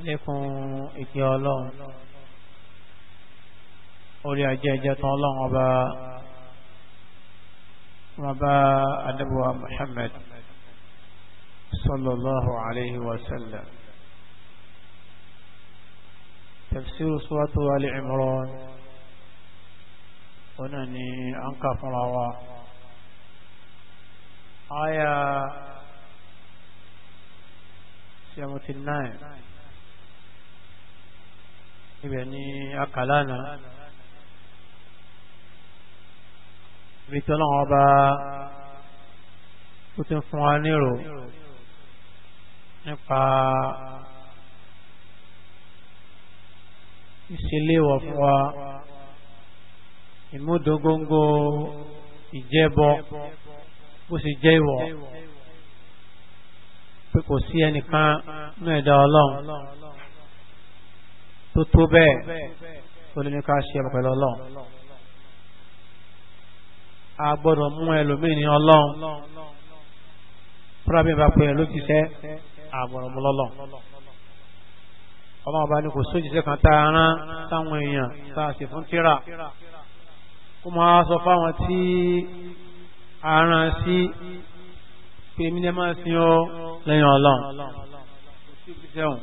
alékún ìkẹ́ ọlọ́run orí ajé ẹjẹ́ tán ọlọ́run ọba wọn bá adébọ̀wá Muhammad sallallahu alayhi wa sallam tafsir suratu Ali Imran ọ̀nà ni an kà fúnra wa aya 79 ibẹ̀ ni akàlánà ibi tí ọlọ́run ọba ó ti ń fún wa nírò nípa ìṣeléwọ̀ fún wa ìmúdógóńgó ìjẹ́bọ bó sì jẹ́ ìwọ̀ pé kò sí ẹnìkan ní ẹ̀dá ọlọ́run tó tó bẹ́ẹ̀ ó ní ká ṣe ẹ̀mọ̀ pẹ̀lú ọlọ́run a gbọ́dọ̀ mú ẹlòmíì ní ọlọ́run fúnra bíi bá pè é ló ti sẹ́ àgbọ̀rọ̀ mú lọ́lọ́ ọlọ́run bá ní kò sójúṣe kan tá a rán sáwọn èèyàn tá a sì fún tíra ó máa sọ fáwọn tí a rán sí pé mí ní ẹ sin ọ lẹ́yìn ọlọ́run kò sí ìgbésẹ̀ òun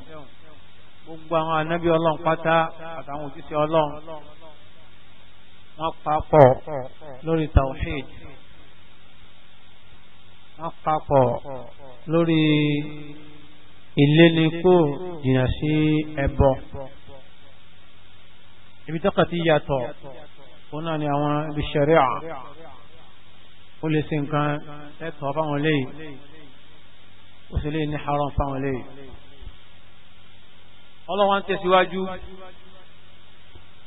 gbogbo àwọn anábí ọlọ́run pátá àtàwọn òjíṣẹ́ ọlọ́run wọ́n papọ̀ lórí tawhid wọ́n papọ̀ lórí ìlénikó jìnà sí ẹbọ ibi tọ́kà ti yàtọ̀ òun náà ni àwọn ibi ṣẹ̀ríà ó lè sí nǹkan ẹ̀tọ́ fáwọn léyìí ó sì lè ní haram fáwọn léyìí ọlọ́wọ́ ń tẹ̀síwájú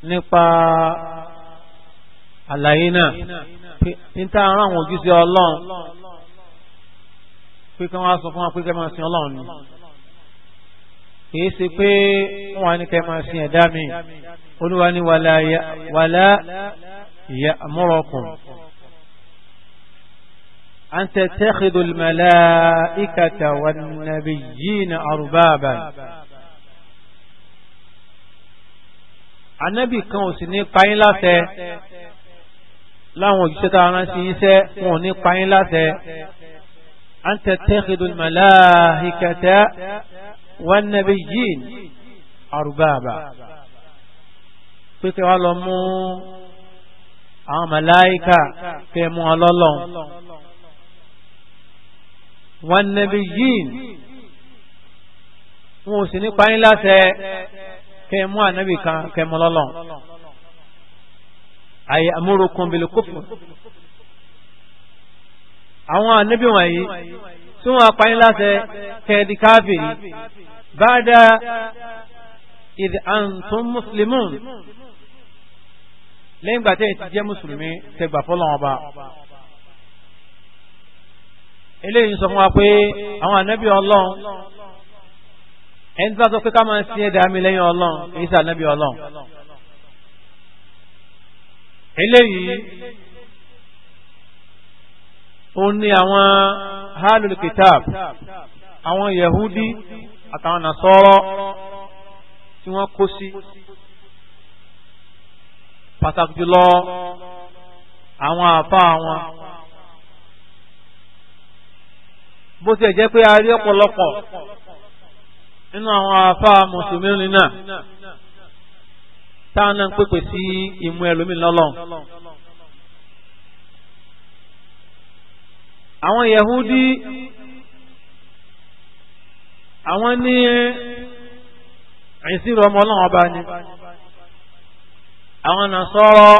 nípa àlàyé náà níta ara àwọn òjúṣe ọlọ́run pé kí wọ́n á sọ fún wa pé kẹ́ máa sin ọlọ́run ni kìí ṣe pé wọ́n á ní kẹ́ máa ẹ̀dá mi olúwa ní wàlá ya'murukum an tattakhidul malaikata wan nabiyyina arbaba. ànábì kan ò sì ní payín láṣẹ láwọn òjíṣẹ́ tá a rán sí iṣẹ́ wọn ò ní payín láṣẹ an tattakhidul malaikata wan nabiyyin arbaba pé kẹ́ wá lọ mú àwọn màláìkà kẹ́ mú ọlọ́lọ́n wan nabiyyin wọn ò sì ní payín láṣẹ kẹ́ mú ànábì kan kẹ́ mú lọ́lọ́n àyè amúrokùn bìlì kúfù àwọn ànábì wọ̀nyí tí wọ́n apáyín láti kẹ́ẹ̀dì káfìrí ba'da idh antum muslimun lẹ́yìn ìgbà tẹ́yìn ti jẹ́ mùsùlùmí tẹgbà fọ́lọ́wọ́n ọba eléyìí sọ fún wa pé àwọn ànábì ọlọ́run ẹni tó sọ pé ká máa ń sin ẹ̀dá mi lẹ́yìn ọlọ́run èyí sì ànábì ọlọ́run eléyìí ó ní àwọn halul kitab àwọn yahudi àtàwọn nasọ́rọ́ tí wọ́n kó sí pàtàkì jùlọ àwọn àfa àwọn bó ti ẹ̀ jẹ́ pé a rí ọ̀pọ̀lọpọ̀. nínú àwọn afá mùsùlùmí náà táwọn náà ń pèpè sí ìmú ẹlòmíì lọ́lọ́ àwọn yẹ̀húdí àwọn ní ọmọ ọlọ́run ọba ni àwọn náà sọ̀rọ̀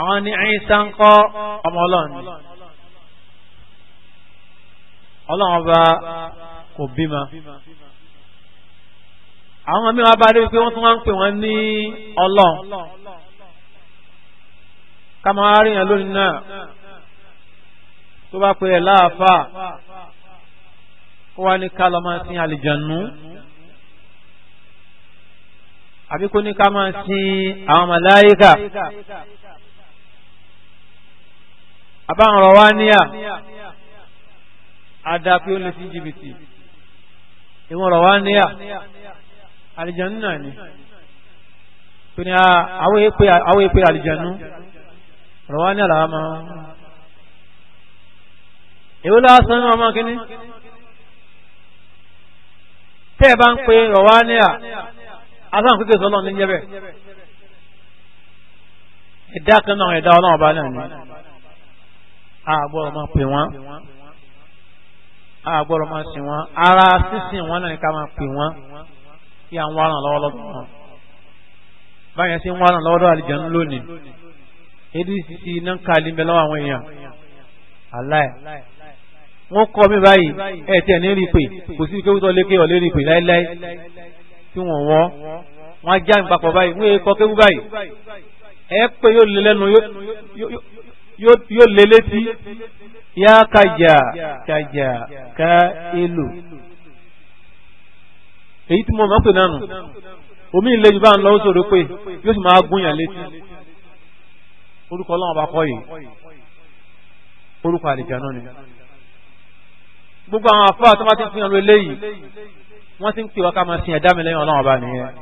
àwọn ní ọmọ kò bímọ. àwọn mìíràn bá dé pé wọ́n tún wá ń pè wọ́n ní ọlọ́ọ̀ kámọ́ àríyàn lónìí náà tó bá pè é láàfáà kó wá ní ká lọ máa sin àlìjànú àbí kó ní ká máa sin àwọn màláíkà àbáwọn ọ̀rọ̀ wá níyà àdá pé ó lè sí jìbìtì. ìwọ̀n rọ̀ wá ní à náà ni tó ní àwọn èpè àlìjànú rọ̀ wá ní àlàá máa èwo lásán ní ọmọ tẹ́ ẹ bá ń pe rọ̀ wá ní à asán kúkẹ́ sọ́lọ́ ní jẹ́bẹ̀ ẹ̀dá kan náà ẹ̀dá náà ni àgbọ̀ ọmọ pè wọ́n. àgbọ̀rọ̀ máa sìn wọn ara sísìn wọn náà ní ká máa pè wọn kí à ń wá ràn lọ́wọ́ lọ́dọ̀ wọn báyẹn sí ń wá ràn lọ́wọ́ lọ́dọ̀ àlìjẹun lónìí èdè ìsìsì iná ń ka àlìmẹ́ lọ́wọ́ àwọn èèyàn aláì wọ́n kọ́ mi báyìí ẹ̀ tẹ̀ ní rí pé kò sí kéwútọ́ lékè ọ̀ lérí pé láéláé tí wọ́n wọ́ wọ́n á já mi papọ̀ báyìí wọ́n kọ́ kéwú báyìí ẹ̀ pé yóò lé lẹ́nu yóò lé létí ya Kaja, Kaja, ká èlò èyí tí mo máa ń pè nánu omi ilé yorùbá ń lọ ó sòrò pé yóò sì máa gúnyàn létí orúkọ ọlọ́run bá kọ́ yìí orúkọ àlejò náà ni gbogbo àwọn àfáà tó bá ti ń fihàn lórí eléyìí ti ń pè wá ká máa sin ẹ̀dá mi lẹ́yìn ọlọ́run ọba nìyẹn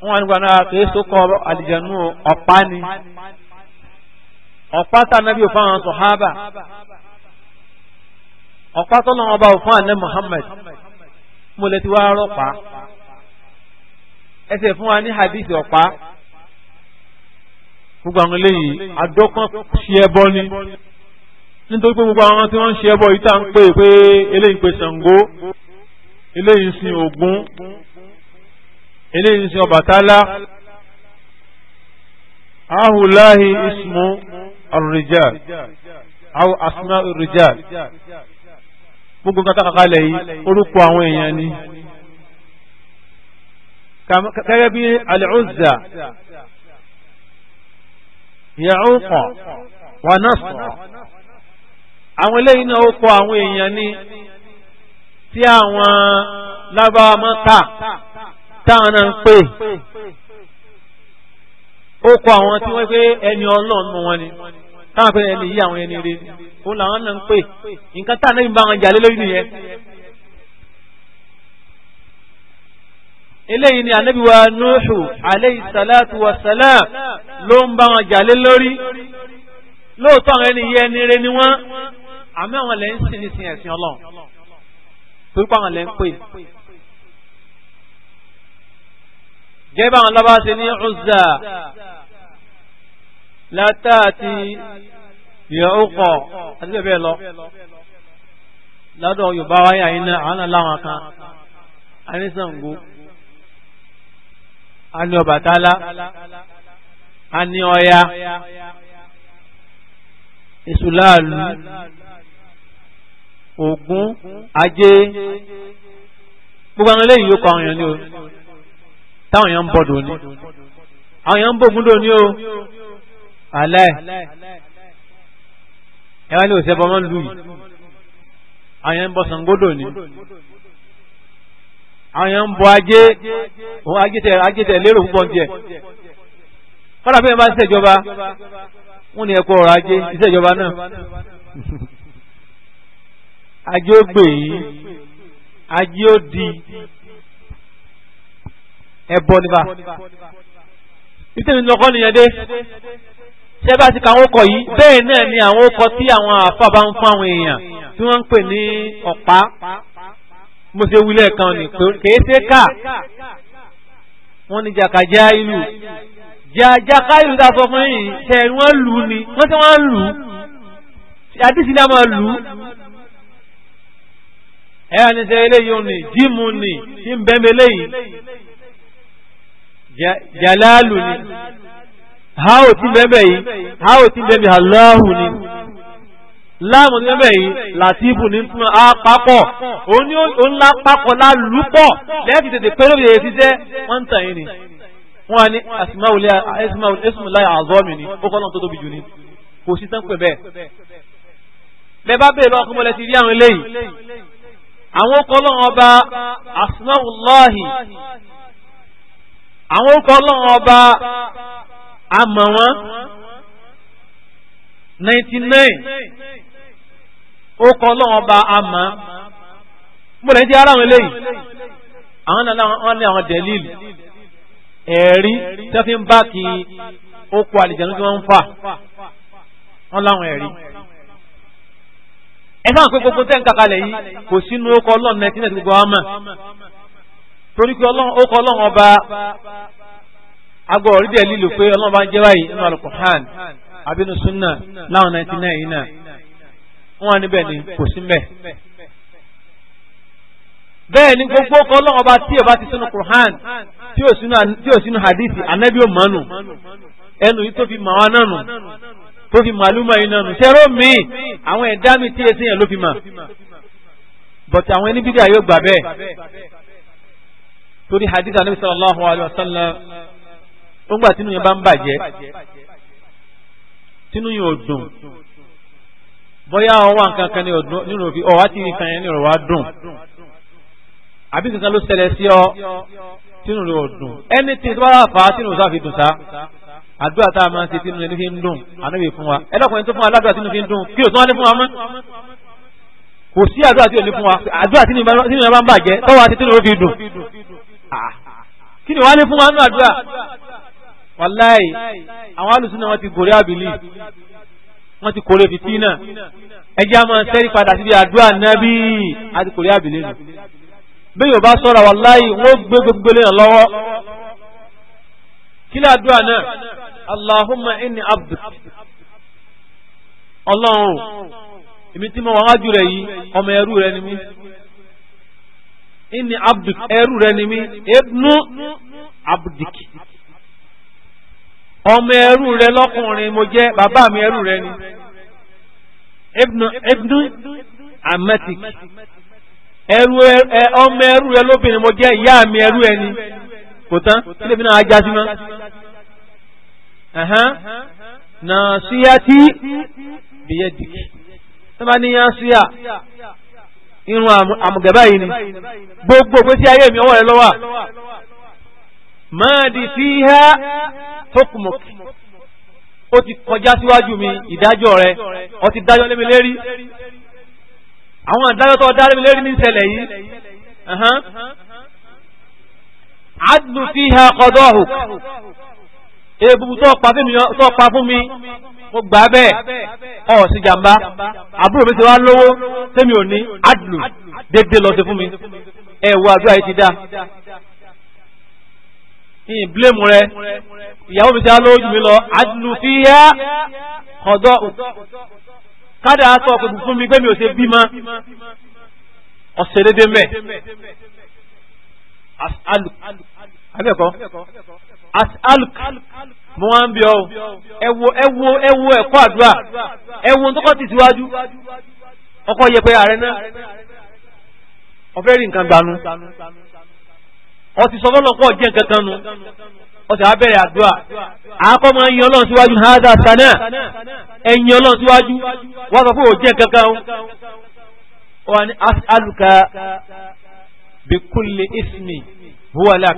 wọ́n wá nígbà náà kì í sókọ àlejò ọ̀pá ni ọ̀pátá anábì òfin àwọn sọ̀hábà ọ̀pátá náà ọba òfin àná Muhammad mo lè ti wá rọ́pa ẹsẹ̀ fún wa ní hadith ọ̀pá gbogbo àwọn eléyìí àdọ́kàn ṣe ẹbọ ni nítorí pé gbogbo àwọn tí wọ́n ń ṣe ẹbọ yìí tá ń pè pé eléyìí pe Ṣàngó eléyìí ń sin Ògún eléyìí ń sin Ọbàtálá ahùláhi ismu. الرجال أو أسماء الرجال gbogbo nǹkan tàkàkà lẹ̀ yìí orúkọ àwọn èèyàn ni kẹ́gẹ́ bí wa Nasra àwọn eléyìí náà ó kọ ó kọ àwọn tí wọ́n táwọn pẹ̀lú ẹni yí àwọn ẹni rí òun làwọn náà ń pè nǹkan tá àná ìbá wọn jà lé lórí nìyẹn. eléyìí ni anabi wa nuhu aleyhi salatu wa salam ló ń bá wọn jà lé lórí lóòótọ́ àwọn ẹni yí ẹni rí ni wọ́n àmì àwọn lẹ́yìn sì ní sin ẹ̀sìn ọlọ́run torí pé àwọn lẹ́yìn pè gẹ́gẹ́ bá àwọn lọ́ba ṣe ní ọ̀zà látàtì ìyàwókọ̀ àti bẹ́ẹ̀ lọ ládọ̀ yorùbá wáyà iná àwọn aláwọn kan a ní Ṣàngó a ní Ọbàtálá a ní Ọya ìṣùláàlú Ògún ajé gbogbo àwọn eléyìí yóò kọ àwọn èèyàn ní o táwọn èèyàn ń bọ̀dọ̀ ní àwọn èèyàn ń bògúndò ní o alẹ́ ẹ wá ní òṣèbọ mọ́ lù yìí àwọn yẹn ń bọ Ṣàngódò ni àwọn yẹn ń bọ ajé òun ajé tẹ lérò púpọ̀ jẹ kọ́dà fún yẹn bá ṣèjọba wọ́n ní ẹ̀kọ́ ọ̀rọ̀ ajé ìṣèjọba náà ajé ó gbè yín ajé ó di ẹbọ nípa ìtẹ̀mí lọ́kọ́ nìyẹn dé sẹ́bà ti ka àwọn ọkọ̀ yìí bẹ́ẹ̀ náà ni àwọn ọkọ̀ tí àwọn àfa bá ń fún àwọn èèyàn tí wọ́n ń pè ní ọ̀pá mo ṣe wílẹ̀ kan ní kèé ṣe ká wọ́n ní jàkàjá ìlú jàkàjá ìlú tá a sọ fún yìí ṣe wọ́n lù ú ni wọ́n ti wọ́n lù ú àdìsí náà máa lù ú ẹ̀ ẹ́ ní sẹ́ eléyìí òun jíìmù ni tí ń bẹ́ẹ̀ mi eléyìí jàlálù ni ha ò tí bẹ́ẹ̀ yìí ha ò tí bẹ́ẹ̀ Allahu ni láàmù ní bẹ́ẹ̀ yìí làtífù ní fún apapọ̀ òun ńlá papọ̀ lálùpọ̀ lẹ́yìn tètè pé lóbi èyí jẹ́ wọ́n ń tàn yín ni wọ́n á ní àsìmáwòlẹ́ àsìmáwòlẹ́ àzọ́mì ni ó kọ́ náà tó tóbi jù ni kò sí tán bẹ́ẹ̀ bẹ́ẹ̀ bá bẹ́ẹ̀ lọ́kùn mọ́lẹ́ ti rí àwọn eléyìí àwọn ó kọ́ lọ́wọ́ ọba àsìmáwòlọ́hì àwọn ó kọ́ lọ́wọ́ ọba a mọ̀ 99 ninety nine ama kọ́ lọ́wọ́n mo lè ara àwọn eléyìí àwọn náà wọ́n ní àwọn dẹ̀líl ẹ̀rí tẹ́fí ń gbogbo tẹ́ ń yìí kò sínú agbọ́ orí dẹ̀ lílo pé ọlọ́run bá ń jẹ́ báyìí nínú alukuhan abinu sunna láwọn ninety nine yìí náà wọn níbẹ̀ ni kò sí mbẹ̀. bẹ́ẹ̀ ni gbogbo ọkọ̀ ọlọ́run ọba tí ọba ti sínú kuhan tí ò sínú hadithi anabi ò mọ́nu ẹnu yìí tó fi mọ̀ wá náà nù tó fi màlúmọ̀ yìí náà nù ṣẹ́rọ mi àwọn ẹ̀dá mi tí ẹsẹ̀ yẹn ló fi mà bọ̀tà àwọn ẹni bídíà yóò gbà bẹ́ẹ̀ torí hadith anabi sallallahu alayhi wa sallam nígbà tínú yẹn bá ń bàjẹ́ tínú yẹn ò dùn bóyá ọwọ́ nǹkan kan ní ọdún nínú òfin ọ̀wá tí nǹkan yẹn ní ọ̀rọ̀ wa dùn àbí nǹkan ló ṣẹlẹ̀ sí ọ tínú rẹ̀ ò dùn ẹni tí tó bá wà fà á tínú sáà fi dùn sá àdúrà tá a máa ń ṣe tínú ẹni fi ń dùn ànábì fún wa ẹlọ́kùnrin tó fún wa ládùúrà tínú fi ń dùn kí òtún wa ní fún wa mọ́ kò sí àdúrà tí ò ní fún wa àdúrà tínú yẹn bá ń bàjẹ́ tọ́wọ́ àti tínú rẹ̀ fi dùn ah, kí ni wàá ní fún wa nínú àdúrà wàláì àwọn alùsùn náà wọ́n ti gòrí àbílì wọ́n ti kòrè fìtínà ẹjẹ́ a máa sẹ́rí padà síbi àdúrà nábì àti kòrè àbílì nù bí yóò bá sọ́ra wàláì wọ́n gbé gbogbo lẹ́yìn lọ́wọ́ kí ni àdúrà náà Allahumma inni abduk ọlọ́run èmi tí mo wà wájú rẹ̀ yìí ọmọ ẹrú rẹ̀ ni mí inni abduk ẹrú rẹ̀ ni mí ibnu abdik ọmọ ẹrú rẹ lọ́kùnrin mo jẹ́ bàbá mi ẹrú rẹ ni ibnu amatik ẹrú ọmọ ẹrú rẹ lóbìnrin mo jẹ́ ìyá mi ẹrú ẹni kò tán kílẹ̀ náà ajá sí na siya ti bìyẹ dìkì sábà ní irun àmùgàbá yìí ni gbogbo pé ayé mi ọwọ́ máàdì fíhá hukmuk ó ti kọjá síwájú mi ìdájọ́ rẹ ó ti dájọ́ lémi lérí àwọn ìdájọ́ tó dá lémi lérí ní ìṣẹ̀lẹ̀ yìí adùn fíhá qadahu ebubu tó pa fún mi mo gbà bẹ́ẹ̀ ọ̀ sí jàmbá àbúrò mi ti wá lówó tẹ́mi ò ní adùn dédé lọ sí fún mi ẹ̀wọ̀ àdúrà yìí ti dá ní ìbílẹ̀mù rẹ ìyàwó mi ti alójú mi lọ àdùnúfíyà ọ̀dọ́ kádà sọ pé fún mi pé mi ò ṣe bímọ ọ̀sẹ̀ dédé mẹ́ abẹ́ẹ̀kọ́ asaluk mo wá ń bí ọ ẹwo ẹwo ẹwo ẹ̀kọ́ àdúrà ẹwo tó kọ́ ti síwájú ọkọ̀ yẹpẹ ààrẹ náà ọ̀fẹ́ rí nǹkan gbanú ọtí sọ fọlọ́ pọ̀ jẹ́ nǹkan kan nu ọtí abẹ́rẹ́ àdúrà àkọ́ máa ń yan ọlọ́run síwájú hádà sànà ẹ̀yin ọlọ́run síwájú wọ́n sọ fún òjẹ́ nǹkan kan ó wà ní alùkà bikulli ismi huwa lak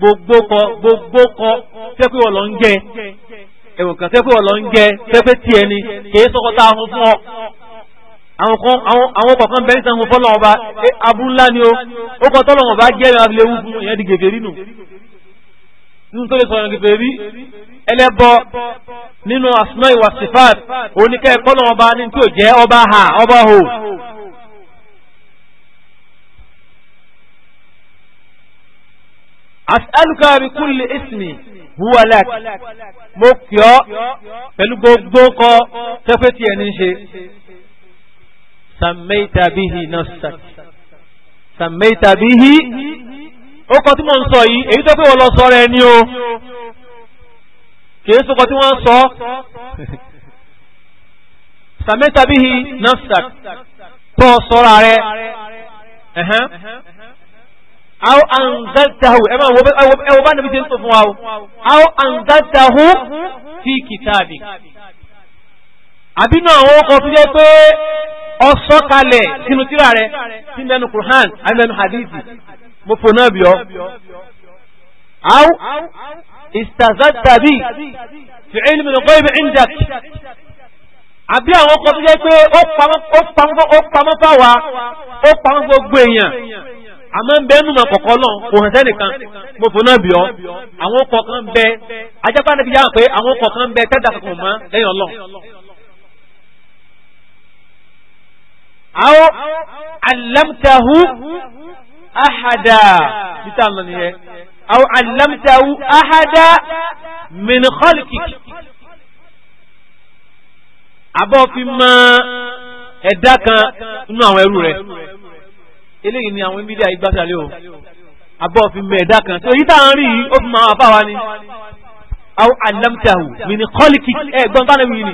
gbogbo kọ gbogbo kọ tẹ́ pé wọ́n lọ ń jẹ ẹ̀wọ̀n kan tẹ́ pé wọ́n lọ ń jẹ tẹ́ pé tiẹ̀ ni kì í sọ́kọ́ fún fún ọ àwọn kọ̀ọ̀kan bẹ́ẹ̀ sàn fọ́lọ́ ọba abúlá ni ó ó kọ́ tọ́lọ̀ ọba gẹ́rẹ́ abilé wù fún ìyẹn di gègérí nù nínú tó lè sọ̀rọ̀ gègérí ẹlẹ́bọ nínú asma'i wa sifat oníkẹ́ kọ́lọ̀ ọba ní tí ò jẹ́ ọba ha ọba ho. as'aluka bi ismi huwa mo kí ọ pẹ̀lú gbogbo kọ tẹ́fẹ́ tiẹ̀ ní ṣe sàmẹ́ta bíhi nafsak sàmẹ́ta bíhi ó kọ tí mo ń sọ yìí èyí tó pé wọ́n lọ sọ rẹ ni o kìí sọkọ tí wọ́n sọ sàmẹ́ta bíhi nafsak tó sọ́ra rẹ aw anzaltahu ẹ máa wọ bá nàbí jẹ́ sọ fún wa o aw anzaltahu fi kìtàbí àbínú àwọn ọkọ̀ tó jẹ́ pé kalẹ̀ sínú tíra rẹ̀ sí mẹ́nu Qur'an àmẹ́nu hadithi mo fò náà bí ọ́. Aw bi fi ilmi al-ghayb indak. Abi àwọn pé ó pamọ́ fà wá, ó pamọ́ Àmọ́ ń mọ̀ kọ̀kọ́ kò hàn sẹ́nìkan, mo fò náà bí Àwọn ọkọ̀ kan bẹ, pé àwọn ọkọ̀ kan bẹ kankan aw allamtahu ahada títà lọ nìyẹn aw allamtahu ahada min khalqik abọ́ fi mọ ẹ̀dá kan nínú àwọn ẹrú rẹ̀ eléyìí ni àwọn mídíà igbásàlẹ̀ o abọ́ fi mọ ẹ̀dá kan tó yí táwọn rí yìí ó fi mọ àwọn afáwa ni aw alamtahu min khalqik ẹ̀gbọ́n tánàbí ni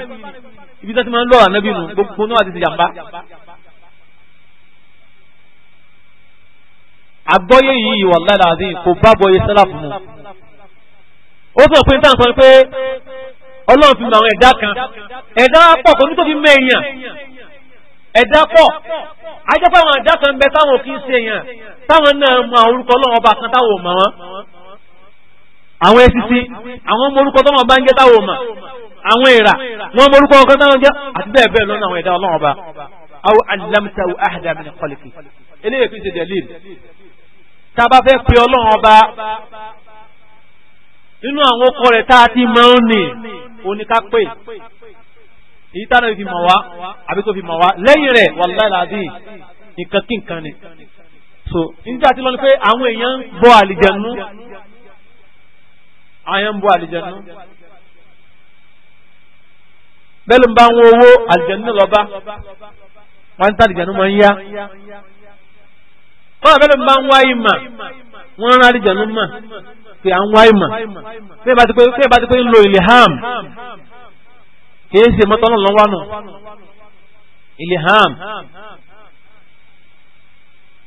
ibi tó ti máa ń lọ ànábì gbogbo náà ti ti jàmbá àgbọ́yé yìí wallahi alazim kò bá bọyé sálàfù mu ó sọ pé táwọn pé ọlọ́run fi mọ àwọn ẹ̀dá kan ẹ̀dá pọ̀ kò ní tó fi ẹ̀dá pọ̀ ajẹ́pọ̀ àwọn ẹ̀dá kan bẹ táwọn kì í ṣe èèyàn táwọn náà mọ àwọn orúkọ ọlọ́run ọba kan táwọn ò mọ wọn àwọn esisi àwọn ọmọ orúkọ táwọn bá ń jẹ táwọn ò mọ àwọn èèrà wọn ọmọ orúkọ ọkọ táwọn jẹ àti bẹ́ẹ̀ bẹ́ẹ̀ lọ́nà àwọn tá a bá fẹ́ pe ọlọ́run ọba nínú àwọn ọkọ rẹ̀ tá a ti mọ̀ ọ́ nì oníkápè èyí tá a náà fi mọ̀ wá àbí tó fi mọ̀ wá lẹ́yìn rẹ̀ wàlúwàlá làbí nǹkan kí nǹkan ni so nígbà tí lọ́nà pé àwọn èèyàn ń bọ àlìjẹ̀nu àwọn ń bọ àlìjẹ̀nu bẹ́ẹ̀ ló ń bá wọn owó àlìjẹ̀nu lọ́ba wọn ń tàlìjẹ̀nu máa ń yá. kọ́nà bẹ́ẹ̀ ló ń bá ń wá ìmọ̀ wọ́n ń rárí jẹ̀nu mọ̀ pé à ń wá ìmọ̀ bẹ́ẹ̀ bá ti pé ń lo ilham kìí ṣe mọ́tọ́nà lọ́wọ́ nù ilham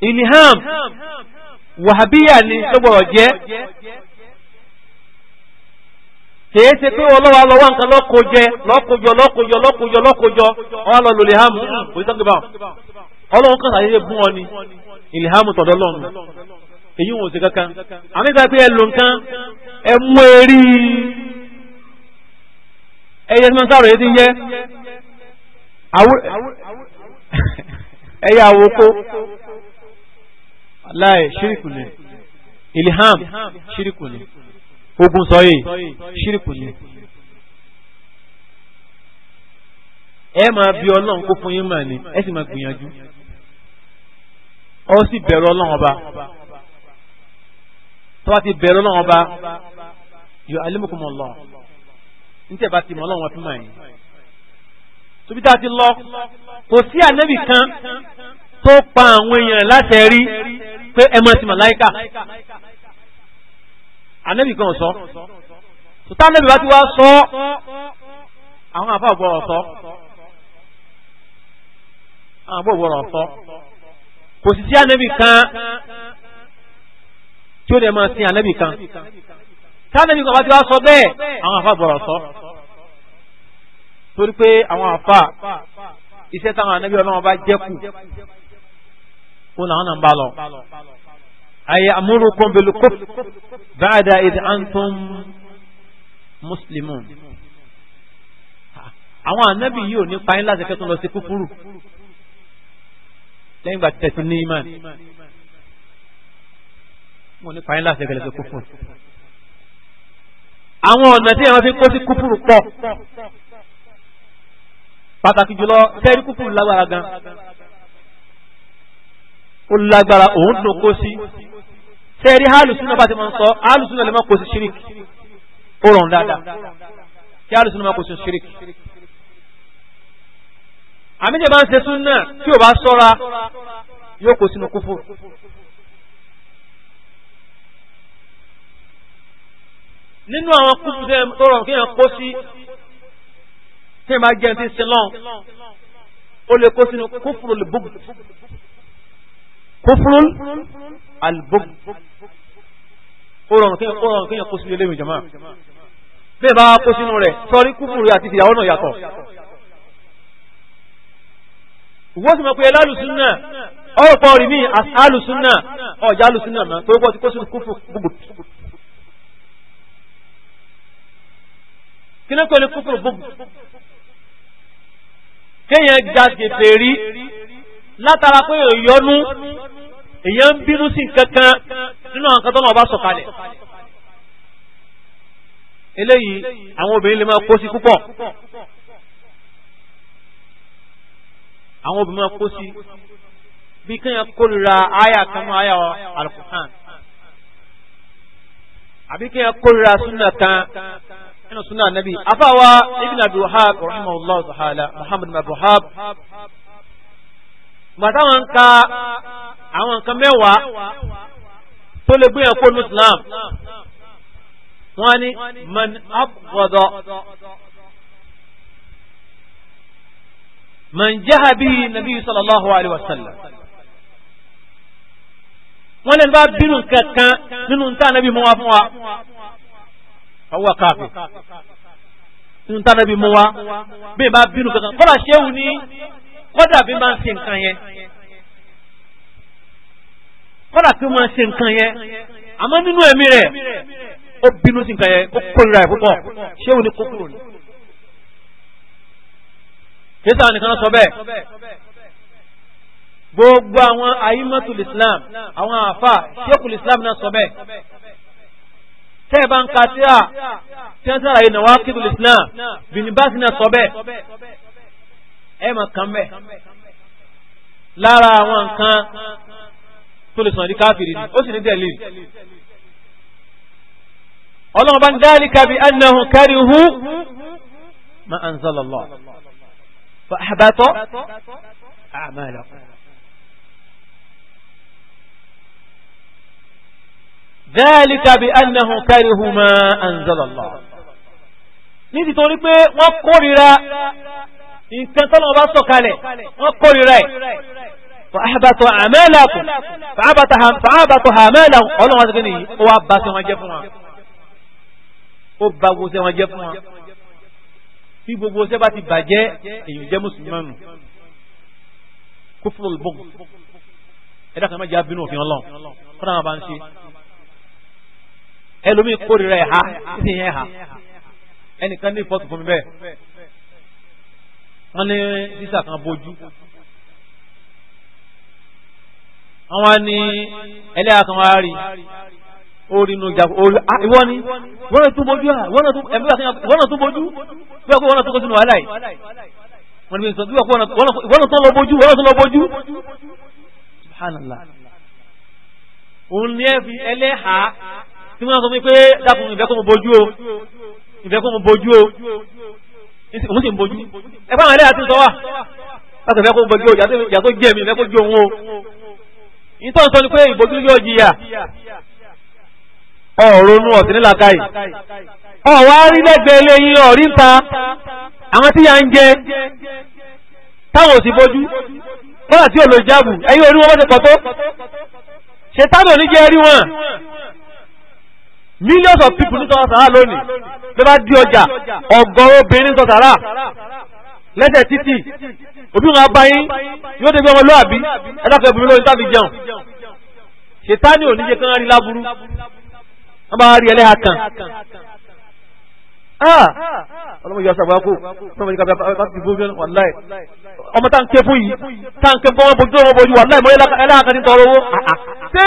ilham wàhábíyà ni lọ́gbọ̀rọ̀ jẹ́ kìí ṣe pé ọlọ́wà lọ́wọ́ nǹkan lọ́kọjẹ lọ́kọjọ lọ́kọjọ lọ́kọjọ lọ́kọjọ kò sí kan ọ ni. ìlhàmù tọdọ lọ́nu èyí wọn ò sí kankan àmì ìgbà pé ẹ nǹkan ẹ mú erí ẹyẹ tí sáré ti ń yẹ ẹyẹ ogun sọyè ṣírìkù ni ẹ máa bí ọlọ́run fún yín mà ní ẹ sì máa ó sì bẹ̀rù ọlọ́run ọba tó bá ti bẹ̀rù ọlọ́run ọba yọ alimukumọ lọ níta bá ti mọ ọlọ́run ọtún mọ̀ tóbi tá a ti lọ kò sí ànábì kan tó pa àwọn èèyàn láti rí pé ẹ mọ̀ sí màláìkà ànábì kan sọ tòtá ànábì bá ti wá sọ àwọn àbá ògbọ́rọ̀ sọ àwọn àbá ògbọ́rọ̀ sọ kò sì sí ànábì kan tí ó dẹ̀ máa sin ànábì kan tánàbì kan bá ti wá sọ bẹ́ẹ̀ àwọn àfa bọ̀rọ̀ sọ torí pé àwọn àfa iṣẹ́ táwọn ànábì ọlọ́wọ́n bá jẹ́ kù kó làwọn náà ń bá lọ. ayé amúrúkún bẹ̀lú kó báyìí ìdí antum muslimun àwọn ànábì yìí ò ní pa yín láti kẹ́tùn lọ sí kúkúrú lẹ́yìn ìgbà tẹ̀sí ní imán mo ní fàyín láti ẹgbẹ̀rẹ̀ sí kúfùrù. àwọn ọ̀nà tí ẹ̀rọ fi kó sí kúfùrù pọ̀ pàtàkì jùlọ tẹ́rí kúfùrù lágbára gan ó lágbára òun dùn kó sí tẹ́rí hálùsúnà bá ti máa ń sọ hálùsúnà lè má kó sí ṣíríkì ó rọrùn dáadáa kí hálùsúnà má kó sí ṣíríkì àmì tẹ̀ bá ń ṣe súnà tí ò bá sọ́ra yóò kó sínú kúfù. nínú àwọn kúfù tó rọrùn kí èèyàn kó sí tí èèyàn bá jẹun tí ń sin lọ́n ó lè kó sínú kúfùrù al-bughd kúfùrù ó rọrùn kí èèyàn kó sínú ilé ìjọba bẹ́ẹ̀ bá kó sínú rẹ̀ sọrí kúfùrù àti ìyàwó náà yàtọ̀ wọ́n sì mọ̀ pé alálùsúnà ọ̀pọ̀ rí mi alùsúnà ọ̀jà alùsúnà mọ̀ pé wọ́n ti kó sínú kúfù gbogbo. kí ló ń pè ní kúfù gbogbo? kéèyàn ga gèfè rí látara pé ìyọnu èèyàn ń bínú sí kankan nínú àwọn kan náà bá sọ̀kalẹ̀ eléyìí àwọn obìnrin lè máa kó sí púpọ̀. àwọn obìnrin máa kó sí bí kéèyàn kórìíra àyà kan mọ́ àyà alukuhan àbí kéèyàn kórìíra súnà kan nínú súnà nàbí afáwa ibn abdulhab rahimahullah ta'ala muhammad abdulhab gbàtà wọn ka àwọn nǹkan mẹ́wàá tó lè gbé ẹ̀kọ́ ní islam wọn ni man abghada man jaha bihi nabi sallallahu alaihi wasallam wọ́n lè bá bínú kankan nínú ntá nabi mọ́ wa fún wa ọwọ́ káfí nínú ntá nabi mọ́ wa bẹ́ẹ̀ bá bínú kankan kọ́dà ṣéwù ní kọ́dà bí máa ń ṣe nǹkan yẹn kọ́dà bí máa ń ṣe nǹkan yẹn àmọ́ nínú ẹ̀mí rẹ̀ ó bínú sí nǹkan yẹn ó kórìíra ẹ̀ púpọ̀ ṣéwù ní kókòrò ni títà nìkan sọ bẹ́ẹ̀ gbogbo àwọn àyímọ́tul islam àwọn àfà ṣékùl islam náà sọ bẹ́ẹ̀ tẹ́ bá ń ka tí a tí wọ́n sára yìí náà wá kíkùl islam bìnnìbáṣì náà sọ bẹ́ẹ̀ ẹ mọ̀ kan bẹ́ẹ̀ lára àwọn nǹkan tó lè sàn di káfìrí ni ó sì ní dẹ̀lì ọlọ́run bá ń dhalika bi annahum karihu ma anzalallah. فأحبط أعمالكم ذلك بأنه كره ما أنزل الله níbi tó ní pé wọ́n kórìíra nǹkan tọ́lọ̀ bá sọ̀kalẹ̀ wọ́n kórìíra ẹ̀ fàábàtọ̀ àmẹ́làkùn fàábàtọ̀ àmẹ́làkùn ọlọ́wọ́n ti kí ni ó wá bá sí wọn jẹ́ fún wọn ó bá gbogbo sí wọn jẹ́ fún wọn tí gbogbo ṣẹ́ bá ti bàjẹ́ èyí jẹ́ mùsùlùmánù kúfúrò bọ́ọ̀gù ẹ̀dá kan máa jẹ́ abínú òfin ọlọ́run fúnra wọn bá ń ṣe ẹlòmíì kórìíra ẹ̀ ha sí ìyẹn ha ẹnìkan ní ìfọ́tò fún mi bẹ́ẹ̀ wọ́n ní sísà kan bójú wọ́n wá ẹlẹ́yà kan wá rí orí inú ìjà ah, ìwọ ni wọ́n lè tún bójú à ah, wọ́n lè tún bójú bí ọkọ̀ wọ́n lè tún kó sínú wàhálà yìí wọ́n lè tún lọ bójú wọ́n lè tún lọ bójú subhanallah òun ni ẹ fi ẹlẹ́hà tí wọ́n sọ pé dákun ìfẹ́ kó mo bójú o ìfẹ́ kó mo bójú o òun sì ń bójú ẹ fáwọn ẹlẹ́hà ti sọ wà láti ìfẹ́ kó mo bójú o yàtọ̀ jẹ́ mi ìfẹ́ kó jó òun o ìtọ́ sọ ni pé ìbójú yóò jìyà ọ̀rọ̀nú ọ̀sìn nílà káì ọ̀wá rí lẹ́gbẹ̀ẹ́ eléyìí ọ̀rí ń ta àwọn tí ya ń jẹ táwọn ò sì bójú kọ́nà tí òlò jáàbù ẹ̀yìn orí wọn bó ti pọ̀ tó ṣe táwọn oníjẹ́ rí wọn millions of people ní sọ̀rọ̀ sàrà lónìí tó bá di ọjà ọ̀gọ̀rọ̀ obìnrin sọ̀rọ̀ sàrà lẹ́sẹ̀ títì òbí wọn abáyín yóò débi ọmọ lóàbí ẹ̀dá kan obìnrin lóyún tàbí jẹun ṣètánì oníjẹ kan rí láburú wọ́n bá rí ẹlẹ́ha kan ah! ah! ọlọ́mọ yọ sàgbà kó ọmọ yìí ká fi bójú wàláì ọmọ tá n ké fún yìí tá n ké fún ọmọ bójú ọmọ bójú wàláì mọ ẹlẹ́ha kan ní tọrọ owó ah, ṣé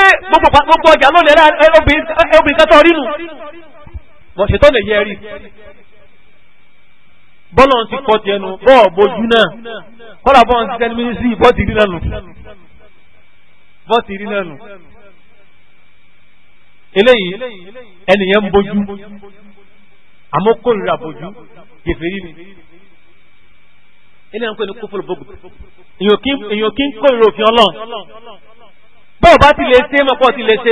gbogbo ọjà lónìí obìnrin kan tọrí nù bọ̀ ṣètò lè yẹ rí bọ́lọ̀ ti pọ̀ tiẹ̀ nù bọ́ọ̀ bójú náà kọ́lá bọ́ọ̀ ti tẹ́lẹ̀ mí sí bọ́ọ̀ eléyìí ẹnìyẹn ń bójú àmọ́ kórìíra bójú gèfèrí ni eléyìí ń pè ní kófòrò bóbù èyàn kí ń kórìíra òfin ọlọ́run bọ́ọ̀ bá ti lè ṣe é mọ́pọ́ ti lè ṣe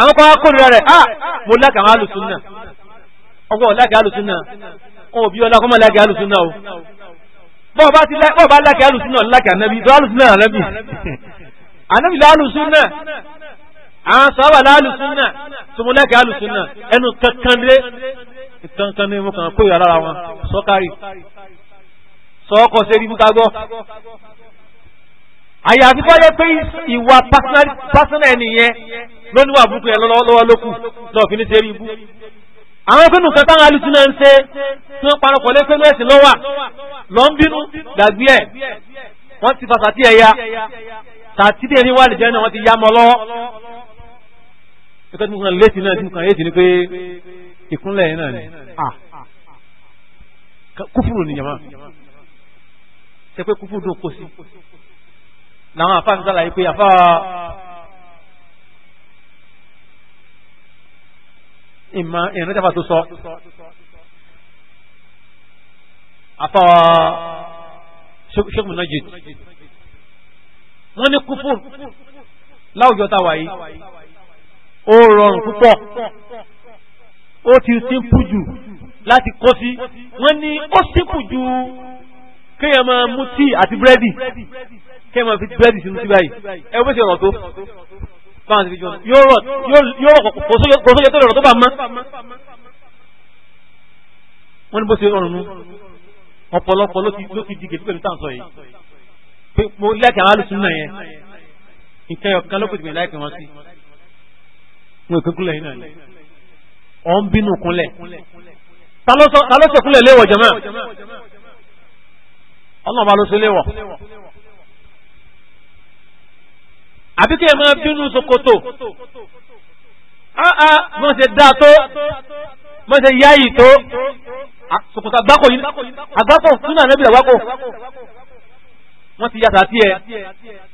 àwọn kan kórìíra rẹ̀ ah mo lákà àwọn alùsùnà ọgbọ́n lákà alùsùnà wọn ò bí ọlá kọ́mọ lákà alùsùnà o bọ́ọ̀ bá lákà alùsùnà lákà ànábì tó alùsùnà ànábì ànábì lọ alùsùnà àwọn sábà lálùsúnà tòmúlẹ́kẹ̀ àlùsúnà ẹnu kankanlé kankanlé mú kan kóyà lára wọn sọ́kárì sọ́kọ̀ sí rí búkágọ́ àyàfi kọ́ jẹ́ pé ìwà pásánà ẹni yẹn lóníwà burúkú yẹn lọ́wọ́ lókù lọ́ọ̀fin ní sí rí ibú àwọn pínú kan táwọn alùsúnà ń ṣe tí wọ́n parọ́ pọ̀lẹ́ pẹ́lú ẹ̀sìn lọ́wà lọ́ ń bínú dàgbé ẹ̀ wọ́n ti fàṣàtì ẹ̀yà tàtí ìkọ́ tí mo kàn létí náà tí mo kàn létí ni pé ìkúnlẹ̀ yẹn náà ni à ah. kúfùrù ni jàmá ṣe pé kúfùrù dùn kó sí làwọn àfáà ti sàlàyé pé àfáà ìmọ̀ ìrìn tẹ́fà tó sọ àfáwà ṣékùn najid wọ́n ní kúfùrù láwùjọ táwa yìí ó rọrùn púpọ̀ ó ti sínkù jù láti kó sí wọ́n ní ó sínkù jù kéèyàn máa mú tíì àti búrẹ́dì kéèyàn máa fi búrẹ́dì sínú sí báyìí ẹ wọ́n ti rọ̀ tó báwọn ti fi jọ yóò rọ̀ kò sóye tó rọ̀ tó bá mọ́ wọ́n ní bó ṣe rọrùn nú ọ̀pọ̀lọpọ̀ ló ti di gèdè pẹ̀lú táǹsọ̀ yìí pé mo lẹ́kẹ̀ẹ́ àwọn alùsùn náà yẹn nǹkan ọ̀kan ló pè tìmí láìpẹ́ wọn sí wọn kò kúnlẹ̀ iná ni ọ̀ ń bínú kúnlẹ̀ ta ló sọ kúnlẹ̀ léwọ̀ jẹ̀mọ́ ọlọ́ọ̀bá ló ṣe léwọ̀ àbí kí ẹ máa bínú sokoto áá mọ̀ ṣe dáa tó mọ̀ ṣe yáyì tó sokoto àgbákò yìí àgbákò sínú ànábì àgbákò wọ́n ti yàtà sí ẹ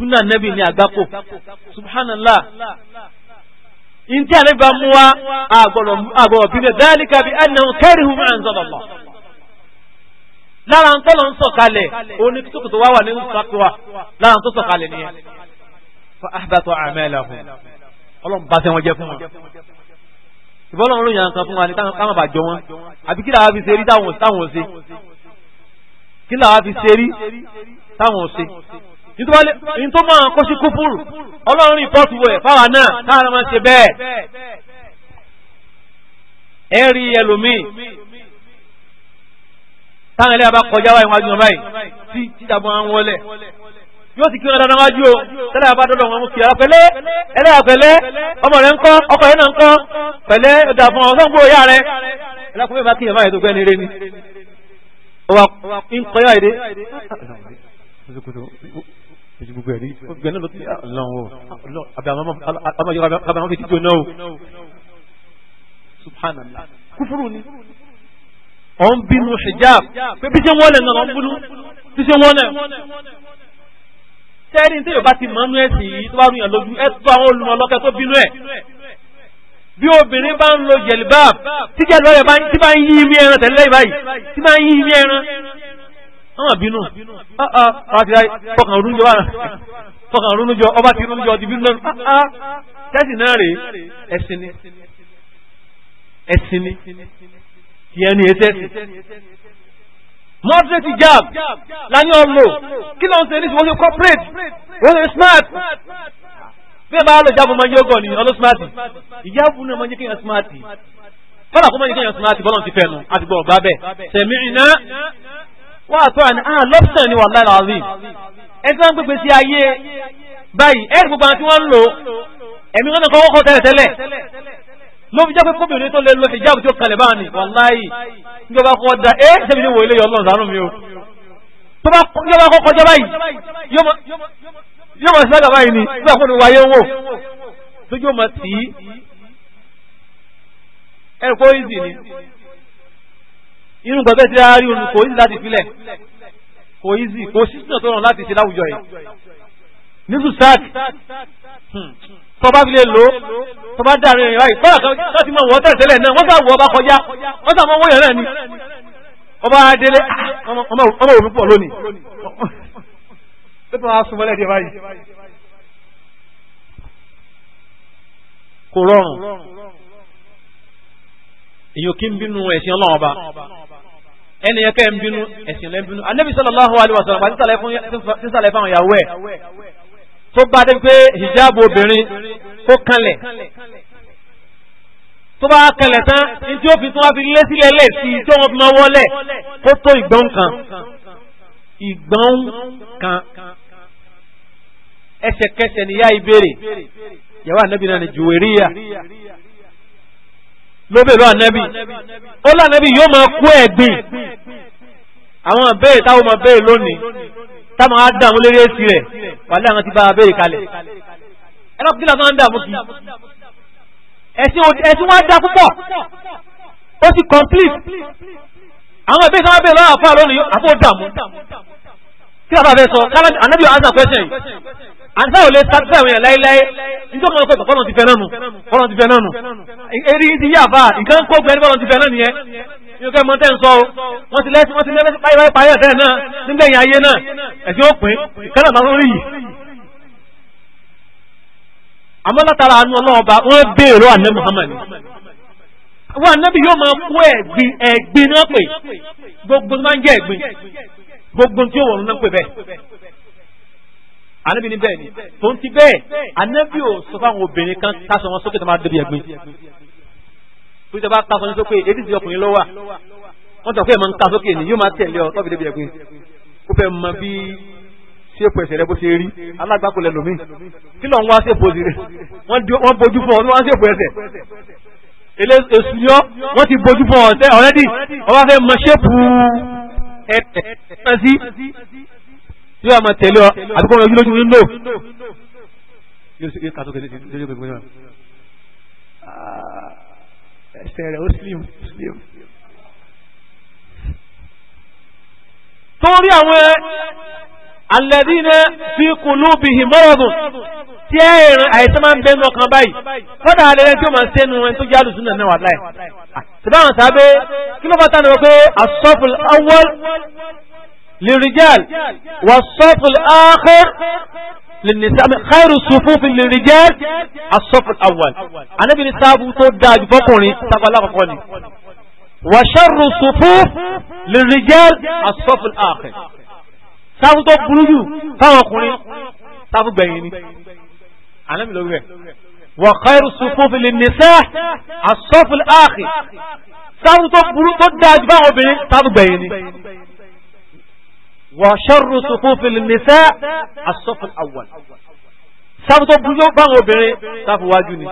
súnà nẹ́bì ní àgbákò subhanallah ntí àlebà mú wa àgbọ̀rọ̀ bíbẹ̀ dhalika bí annahum karihu ma anzalallah lára ń tọ́lọ̀ ń sọ̀kalẹ̀ òní tókòtò wá wà ní sàkúwà lára ń tó sọ̀kalẹ̀ nìyẹn fa ahbata a'malahum ọlọ́run bá sẹ́wọ́n jẹ́ fún wọn ìbọ́lọ̀ ń ròyìn àǹkan fún wa ní táwọn bá jọ wọn àbí kí làwọn fi ṣe rí táwọn ṣe kí làwọn fi ṣe rí táwọn ṣe nítorí ní tó máa kó sí kúfúrù ọlọ́run rìpọ́ọ̀tù rẹ̀ fáwa náà káàrà máa ṣe bẹ́ẹ̀ ẹ rí ẹlòmíì táwọn ẹlẹ́yà bá kọjá wáyé wájú ọmọ yìí tí títà bọ́ wọn wọlé yóò ti kí wọn dandan wájú o tẹ́lẹ̀ bá dọ́dọ̀ wọn mú kí ara pẹ̀lẹ́ ẹlẹ́yà pẹ̀lẹ́ ọmọ rẹ̀ ń kọ́ ọkọ̀ yẹn náà ń kọ́ pẹ̀lẹ́ ọ̀dà fún ọ̀sán gbòó yá rẹ̀ ẹlẹ́kùnrin bá kí ẹ̀ máa yẹ tó gbẹ́ ni rẹ ni títí gbogbo ẹ̀rí gbogbo náà ló ti lọ́wọ́ àbàmọ́ fi títí ọ̀nà o subhanallah kúfúrú ni ọ̀n bínú hijab pé bí ṣe wọ́n lẹ̀ náà lọ́n búlú bí ṣe wọ́n lẹ̀ tẹ́rí ní tẹ́yọ̀ bá ti mọ́nú ẹ̀sìn yìí tó bá rú yàn lójú ẹ̀ tó àwọn olùmọ̀ lọ́kẹ́ tó bínú ẹ̀ bí obìnrin bá ń lo jẹ̀lìbáàb tí jẹ́ lọ́yẹ̀ bá ń yí ìmí ẹran tẹ̀lé báyìí tí bá ń yí ìmí ẹran ọmọ bínú ah, ah, fọkàn rúnjọ fọkàn rúnjọ ọba ti rúnjọ ti bínú lọ́nà ah, tẹ́sì náà rèé ẹ̀sìn ni ẹ̀sìn ni ti ẹni ẹ̀sẹ̀sì moderate jab lani ọlọ kí ló ń ṣe nísìnyí wọ́n ṣe corporate wọ́n ṣe smart bí ẹ bá lọ jábọ̀ máa ń yọgọ̀ ní ọlọ́ smart ìjábọ̀ náà máa ń jẹ́ kéèyàn smart fọlá kó máa ń jẹ́ kéèyàn smart bọ́lá ti fẹ́ nu àti gbọ́ ọ̀gbá bẹ́ẹ̀ sẹ̀mí iná wọ́n àtọ́ àní ah lọ́pṣẹ̀ ni wàhálà làwí ẹni tí wọ́n ń pèpè sí ayé báyìí ẹ̀rì gbogbo àwọn tí wọ́n ń lò ẹ̀mí wọn kọ́ wọ́kọ̀ tẹ́lẹ̀tẹ́lẹ̀ ló fi jẹ́ kóbìnrin tó lè lo hijab tí kalẹ̀ bá ní wàláyì nígbà bá kọ́ da ẹ́ ṣẹ́bi ní wo ilé yọlọ́n sànú mi o tó kọ́ kọjá báyìí yóò mọ̀ sí lágàbá yìí ni nígbà kó ni wáyé ń wò tó yóò mọ̀ sí ẹ̀rì kó ìzì ni irú nǹkan bẹ́ẹ̀ ti rárí òun kò easy láti filẹ̀ kò easy kò sí sísè tó rọrùn láti ṣe láwùjọ yìí nísù sáàkì hmm, tọba fi lè lò tọba dàrin ìrìn báyìí kọ́lá kan láti mọ wọ́n tẹ̀sẹ̀lẹ̀ náà wọ́n sàwọ́ ọba kọjá wọ́n sàmọ́ wọ́n yẹn náà ni ọba adélé ọmọ òfin pọ̀ lónìí lẹ́tọ̀ wá súnmọ́lẹ̀ dé báyìí kò rọrùn èyàn kí ń bínú ẹ̀sìn ọlọ́run ọba ẹni yẹn kẹ́ ń bínú ẹ̀sìn lẹ́ ń bínú anabi sallallahu alayhi wa sallam àti sàlẹ̀ fún ìyàwó ẹ̀ tó bá dé pé hijab obìnrin kó kanlẹ̀ tó bá kanlẹ̀ tán ní tí ó fi tún wá fi lé sílẹ̀ lẹ̀ sí tí wọ́n fi máa wọlé kó tó ìgbọ́n kan ìgbọ́n kan ẹsẹ̀kẹsẹ̀ níyà ìbéèrè yàwó anabi náà ni jùwèríyà ló bèrè ànẹ́bì ó lànẹ́bì yóò máa kú ẹ̀gbìn àwọn àbẹ́rẹ̀ táwọn máa bẹ̀rẹ̀ lónìí táwọn á dààmú lérí èsì rẹ̀ wàlẹ́ àwọn ti bá abẹ́rẹ̀ kalẹ̀ ẹ̀rọ kí làwọn á dààmú kí ẹ̀sìn wọn á dá púpọ̀ ó ti complete àwọn àbẹ́rẹ̀ táwọn bẹ̀rẹ̀ lọ́wọ́ àfọ́ àlónìí àfọ́ dààmú kí làwọn àfẹ́ sọ ànẹ́bì yóò answer question yìí àtàwọn olè sáfẹ́ àwọn èèyàn láíláí nítorí wọn pẹ̀tọ̀ fọ́nà ti fẹ́ nánu fọ́nà ti fẹ́ nánu eré ti yá àbá nǹkan kó gbẹ ní fọ́nà ti fẹ́ nánu yẹn yóò kẹ́ mọ́ tẹ́ ń sọ o wọ́n ti lẹ́sìn wọ́n ti lẹ́sìn báyìí báyìí báyìí ẹ̀sẹ̀ náà nígbẹ̀yìn ayé náà ẹ̀sìn ó pín kẹ́nà máa lórí yìí. àmọ́ látara àánú ọlọ́ọ̀ba wọ́n béèrè àná Muhammad wọn ànábì yóò máa kó ẹ̀gbin ẹ̀gbin náà pè gbogbo máa ń jẹ́ ẹ̀gbin gbogbo tí ó wọ̀ anabi ni bẹ́ẹ̀ ni tó ń ti bẹ́ẹ̀ anabi ò sọ fáwọn obìnrin kan tásọ wọn sókè tó máa débi ẹ̀gbin tó bá tásọ ní sókè èdè ti ọkùnrin lọ́wọ́ wọn tọ́ pé ẹ̀ máa ń ta sókè ni yóò máa tẹ̀lé ọ tọ́bi débi ẹ̀gbin ó fẹ́ mọ bí ṣépò ẹ̀sẹ̀ rẹ bó ṣe rí alágbákò lẹ lómi kí ló ń wá ṣépò sí rẹ wọ́n bojú fún ọ ní wọ́n ṣépò ẹ̀sẹ̀ èlé èsù yọ wọ́n ti bojú fún ọ ọ̀rẹ́dì ọ yóò máa tẹ̀lé ọ àti kó wọn yọjú lójú wíńdò yóò kàtó kẹsí lójú pẹ̀lú wọn. ẹsẹ̀ rẹ̀ ó slim slim. torí àwọn alẹ́dínà fi kùlù bìhì mọ́rọ̀dùn tí ẹ̀rìn àìsàn máa ń bẹ́nu ọkàn báyìí kọ́dà alẹ́rẹ́ tí ó máa ń sẹ́nu ẹni tó jálù sínú ẹ̀nà wàláì. Ah, ṣùgbọ́n àwọn sábẹ́ kí ló bá tán lọ pé asọ́fùl awọ́l للرجال والصف الآخر للنساء خير الصفوف للرجال الصف الأول أنا بنسابه توداج بقوني تقلق قوني وشر الصفوف للرجال الصف الآخر sáfù tó burú jù fáwọn ọkùnrin sáfù gbẹ̀yìn ni alámi lórí rẹ̀ wa khairu sufufi lin-nisa' as-safu al-akhir sáfù tó burú tó dáa jù fáwọn obìnrin sáfù gbẹ̀yìn ni. وشر صفوف النساء الصف الأول sáfù tó burú báwọn obìnrin sáfù wájú ni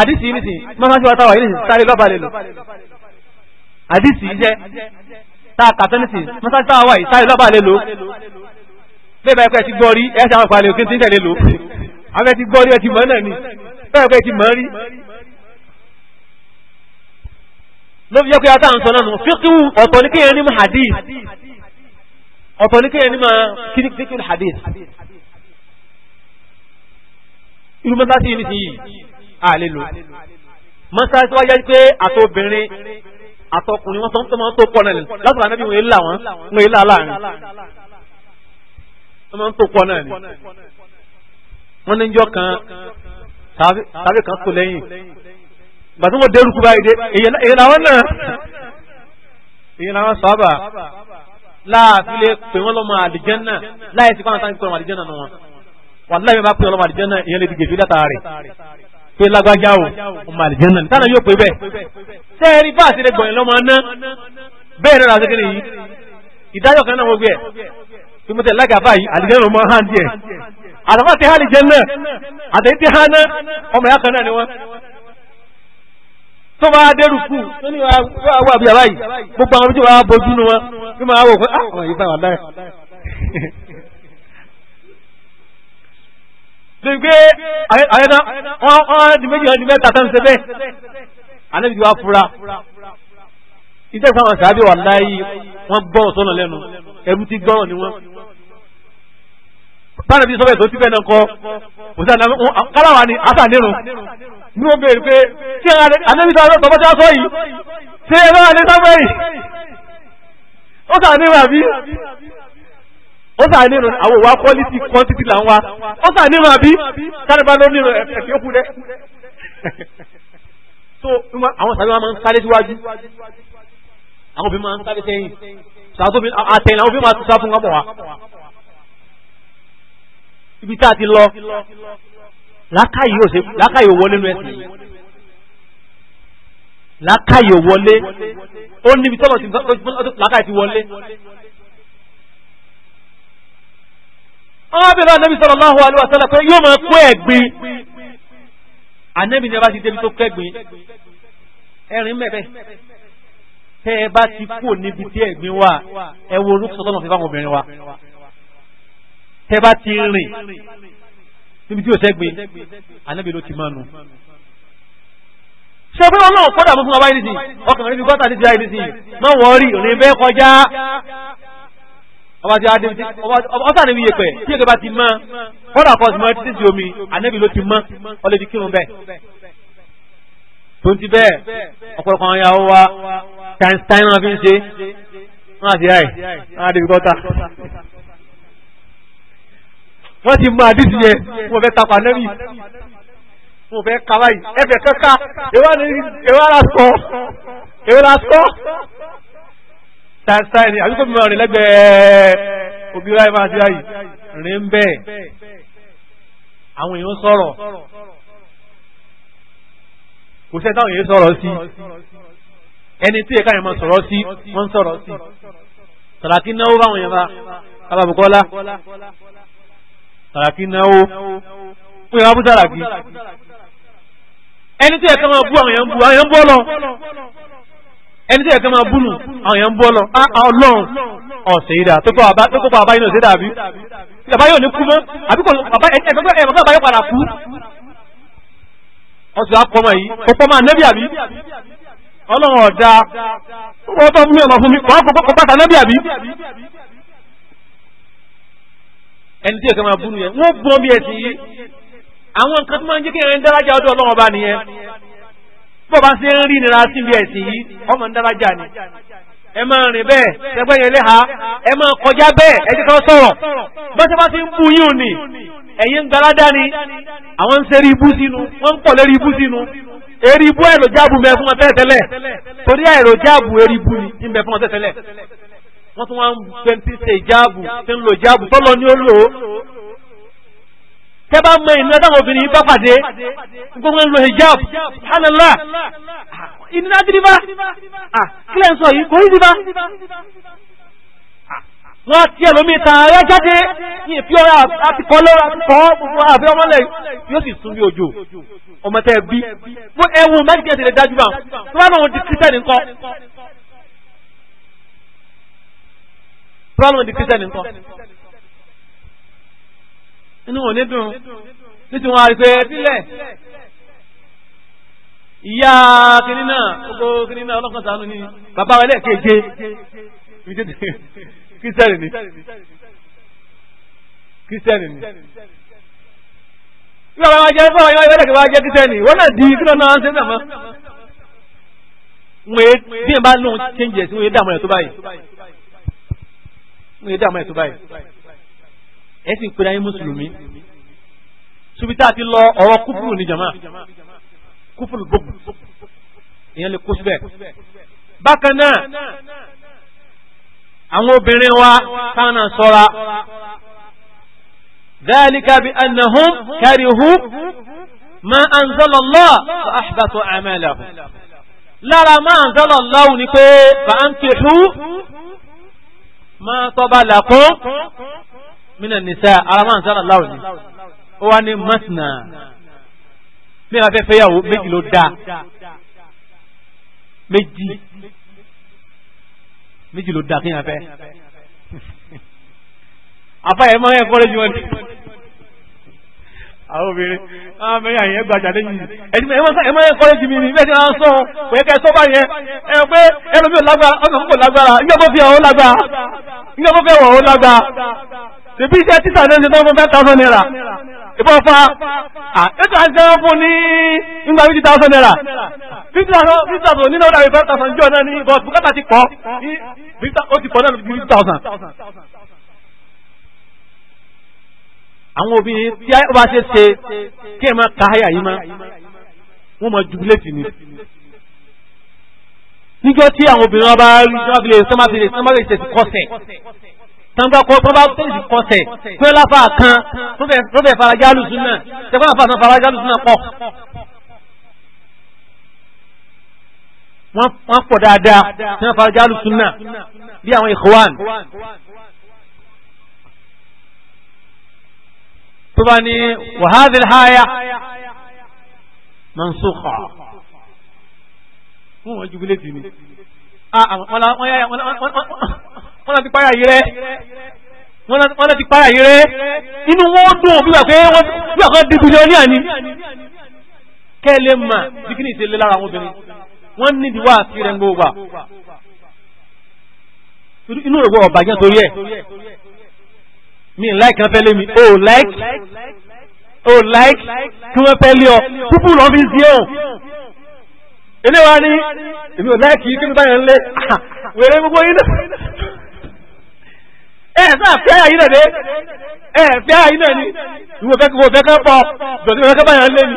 àdìsí ní sìn mọ́sánsí wa táwa yìí sáré lọ́ba lè lò àdìsí jẹ́ tá a kàtọ́ ní sìn mọ́sánsí táwa yìí sáré lọ́ba lè lò bẹ́ẹ̀ báyìí pé ẹ ti gbọ́ rí ẹ ṣe àwọn ìpàlẹ̀ òkè tí ń tẹ̀lé lò àwọn ẹ ti gbọ́ rí ẹ ti mọ̀ náà ni bẹ́ẹ̀ pé ẹ ti mọ̀ rí ló fi jẹ́ pé ata ń sọ náà fíkíwù ọ̀tọ̀ ní kéèyàn ní ma hadith ọ̀tọ̀ ní kéèyàn ní ma kíníkíníkíní hadith irú mọ́sáàsì yìí nìsíyìí àlè lò mọ́sáàsì wáyé pé àtobìnrin àtọkùnrin wọn sọ máa ń tó pọ̀ náà ni lásìkò ànábì wọn bàtí wọ́n dẹ́rù kú báyìí dé èyàn làwọn náà èyàn làwọn sábà láàfin lè pè wọ́n lọ́mọ àlìjẹ́nà láì sí fáwọn sáńkì pẹ̀lú àlìjẹ́nà nù wọn wà láì bá pè wọ́n lọ́mọ àlìjẹ́nà èyàn lè di gèfé látàrí pé lágbájá o ọmọ àlìjẹ́nà ní tánà yóò pè bẹ́ẹ̀ sẹ́ẹ̀rí bá àti ẹgbọ̀n lọ́mọ aná bẹ́ẹ̀ náà làásìkiri yìí ìdájọ́ kan náà wọ́n gbé ẹ̀ tí mo tẹ̀ lágàbá yìí àlìjẹ́nà ọmọ hàn díẹ̀ ti hàn àlìjẹ́nà àtẹ̀yìn ti hàn náà ọmọ ìyá kan náà ni wọ́n tó máa dẹ́rù kù tó ní ah, wà bí àbáyì gbogbo àwọn méjì wà bójú nu wọn bí máa wò pé àwọn ah, yìí bá wà láyà. gbẹ̀gbẹ́ àyẹ̀dá wọ́n di méjì ọdún mẹ́ta tó ń ṣe bẹ́ẹ̀ alẹ́ bí wàá fura ìtẹ́sán àwọn sàábì wà láyé wọ́n gbọ́ ọ̀sán lẹ́nu ẹ̀rù ti gbọ́ ni wọ́n sáànà bí sọ́bẹ̀ tó ti bẹ́ẹ̀ náà kọ́ kò sí àná káláwa ni asànírun ní wọ́n béèrè pé kí anábì sọ àwọn tọ́pọ́ tí wọ́n sọ yìí ṣé ẹ lọ́wọ́ ní sábẹ́rì ó sànírun àbí ó sànírun àwọn òwà quality quantity là ń wa ó sànírun àbí sárébà ló nírun ẹ̀fẹ̀ yókù dẹ́ so àwọn sàbí wa máa ń sáré síwájú àwọn òbí máa ń sáré sẹ́yìn sàbí àtẹ̀yìn àwọn òbí máa ti sá fún wọn bọ̀ wá ibi tá a ti lọ lákàyè ò ṣe lákàyè ò wọlé nu ẹsìn yìí lákàyè ò wọlé ó níbi tọ́lọ̀ ti lákàyè ti wọlé. àwọn abẹ́rẹ́ anabi sallallahu alaihi wasallam pé yóò máa kó ẹ̀gbin anabi ni a bá ti débi tó kẹ́gbin ẹ̀rín mẹ́rẹ̀ tẹ́ ẹ bá ti kú níbi tí ẹ̀gbin wà ẹ wo orúkọ sọlọ́nà fífáwọn obìnrin wa tẹ́ bá ti rìn níbi tí o sẹ́gbin anábì ló ti máa nu. ṣé fún ọlọ́run kọ́dà mú fún ọba yìí nìyí ọkàn rẹ̀ bí gọ́tà ti di ayé nìyí má wọ́ọ̀rì òní bẹ́ẹ̀ kọjá ọba ti adé ọba níbi iye pẹ̀ tí èké bá ti mọ́ kọ́dà kọ́sì mọ́ títí omi anábì ló ti mọ́ ọlẹ́dí kírun bẹ́ẹ̀ tó ń ti bẹ́ẹ̀ ọ̀pọ̀lọpọ̀ àwọn ìyàwó wa táìmù táìmù wọn fi ń ṣe wọn àti ẹ̀ wọn àdébí gọ́tà wọ́n ti mú àdìsí yẹn wọ́n fẹ́ tapà nẹ́bí wọ́n fẹ́ kaba yìí ẹ̀fẹ̀ kẹ́kà èwà la sọ èwà la sọ tàìsítáì ni àbíkó mi máa rìn lẹ́gbẹ̀ẹ́ òbí wáyé máa ti ráyì rìn ń bẹ́ẹ̀ àwọn èèyàn sọ̀rọ̀ kò sẹ́ táwọn èèyàn sọ̀rọ̀ sí ẹni tí ẹ̀ka yẹn máa sọ̀rọ̀ sí wọ́n sọ̀rọ̀ sí sàlàkí náwó báwọn yẹn bá kábàbùkọ́lá sàràkí náwó pé wọn bú sàràkí ẹni tí ẹ̀ka máa bú àwọn èèyàn bú àwọn èèyàn bú ọlọ ẹni tí ẹ̀ka máa bú nù àwọn èèyàn bú ọlọ ọlọ́run ọ̀sẹ̀ ìdá tó kọ́ àbáyé náà ṣe dàbí bàbá yóò ní kú mọ́ àbí kò bàbá ẹ̀ka bàbá yóò padà kú ọ̀sẹ̀ akọ́mọ yìí kò pọ́ máa nẹ́bí àbí ọlọ́run ọ̀dà wọ́n tó mú ọ̀nà fún mi wọ́n kọ́ pátá nẹ́bí àbí ẹni tí yóò kẹ́ máa bú nìyẹn wọ́n bọ́ bí ẹ̀sìn yìí àwọn nǹkan tó máa ń jẹ́ kí ẹ̀rín dárájà ọdún ọlọ́run ọba nìyẹn bó bá ṣe ń rí nira sí bí ẹ̀sìn yìí ọmọ ń dárájà ni ẹ máa rìn bẹ́ẹ̀ ẹgbẹ́ yẹn léha ẹ máa kọjá bẹ́ẹ̀ ẹ jẹ́ ká sọ̀rọ̀ bọ́sẹ̀ bá ti ń bú yín òní ẹ̀yin ń gbalada ni àwọn ń ṣe rí ibú sínú wọ́n ń pọ̀ lérí ibú sínú eri ibú èròjáàbù mẹ́ fún ọ tẹ́lẹ̀ torí èròjáàbù eri ibú ni ń bẹ fún ọ tẹ́lẹ̀ wọ́n tún wá ń pẹ́ntì ṣe ìjáàbù tí ń lo ìjáàbù tọ́lọ ní ó lò ó tẹ́ bá mọ ìnira táwọn obìnrin bá pàdé gbogbo ń lo ìjáàbù hánàlá ìnira dídíbá kílẹ̀ ń sọ yìí kò rí dídíbá wọ́n ti ẹlòmí ìtàn ààrẹ jáde ní ìfẹ́ ọ̀rẹ́ àtikọ́ lọ́rọ̀ àtikọ́ gbogbo àbẹ́ ọmọlẹ̀ yóò sì sún bí òjò ọmọ tẹ́ bí ẹwù mẹ́tìkẹ́ lè dájú bá wọn tó bá wọn ti kírísítẹ́nì nǹkan problem the christian nǹkan inú wọn ní dùn ní tí wọn àrí pé sílẹ̀ ìyá kìnní náà gbogbo kìnní náà ọlọ́kan sànú ni bàbá wa lẹ́ẹ̀keje christian ni christian ni bí bàbá wa jẹ́ fún ọ̀yọ́ ìwé wa jẹ́ christian wọ́n náà di kí lọ́nà ṣe sàmọ́ wọ́n èé bí ẹ̀ bá lóun ṣe ń jẹ̀ sí wọ́n èé dààmú rẹ̀ tó báyìí ń yẹ dààmú ẹ̀ tó báyìí ẹ sì ń pera yín mùsùlùmí subita àti lọ ọ̀rọ̀ kúfùrù ní jama kúfùrù gbogbo ìyẹn lè kó síbẹ̀ bákan náà àwọn obìnrin wa táwọn náà sọ́ra ذلك بأنهم كرهوا ما أنزل الله فأحبط أعمالهم lára ما أنزل الله ni pé فأنكحوا ma tọ́ba làkún mina nisa araman sara lawo ni ó wá ní masina bí wọn fẹ́ fẹ́yàwó méjì ló dáa méjì méjì ló dáa kí wọn fẹ́ afa yẹn máa ń yẹ kọ́lẹ́jì wọn àwọn obìnrin àwọn obìnrin àyẹ̀yẹ́ gbajà lẹ́yìn ẹ̀dí ẹ máa ń kọ́ lẹ́jì mi ní bẹ́ẹ̀ tí wọ́n sọ kò yẹ kẹ́ sọ bá yẹn ẹ rò pé ẹlòmíì ò lágbára ọ̀nà kò lágbára ní ọ̀bọ̀ fi ọ̀hún lágbára ní ọ̀bọ̀ fi ọ̀hún lágbára tèbí iṣẹ́ títà náà ṣe tán fún five thousand naira ìbọn fa ètò àti sẹ́wọ́n fún ní nígbà fifty thousand naira fifty thousand nínú ọ̀dà five thousand jọ náà ní ìbọn bùkátà ti pọ̀ ó ti pọ̀ náà fifty thousand àwọn obìnrin tí ó bá ṣe ṣe kí ẹ máa ka àyà yìí máa wọ́n máa jubilẹ̀tì ni. níjọ́ tí àwọn obìnrin wọn bá rí sọ́mọ́bìnrin sọ́mọ́bìnrin ṣe ti kọ́sẹ̀ tọ́nbà kọ́ tọ́nbà tẹ́lẹ̀ kọsẹ̀ pé láfa kan tó bẹ̀ farajá lùsùn náà tẹ́fọ́n àfa kan farajá lùsùn náà pọ̀. wọ́n pọ̀ dáadáa tẹ́fọ́n farajá lùsùn náà bí àwọn ikhwan طبعا وهذه ní wàhádìí هو جبلتني wọn ولا ولا ولا mí wọn láti páyà yìí rẹ wọ́n láti páyà yìí rẹ inú wọn dùn bí wà pé wọ́n kọ́ dìbò ní ọ̀nìyàn kẹ́lẹ́ mà bíkíní ìṣẹ̀lẹ̀ lára àwọn obìnrin wọ́n nídìí wá sí rẹ̀ ń gbọ́ inú rẹ̀ ọ̀bàjẹ́ torí ẹ̀ mi like kan fẹ́ lé mi o like o like kí wọ́n fẹ́ lé ọ púpù lọ́ fi sí ọ ilé wa ní èmi ò like yìí kí mi bá yẹn lé wèrè gbogbo yìí náà ẹ sáà fẹ́ àyín náà dé ẹ fẹ́ àyín náà ni ìwọ fẹ́ kí wọ́n fẹ́ kán pọ̀ dọ̀tí wọ́n fẹ́ kán bá yẹn lé mi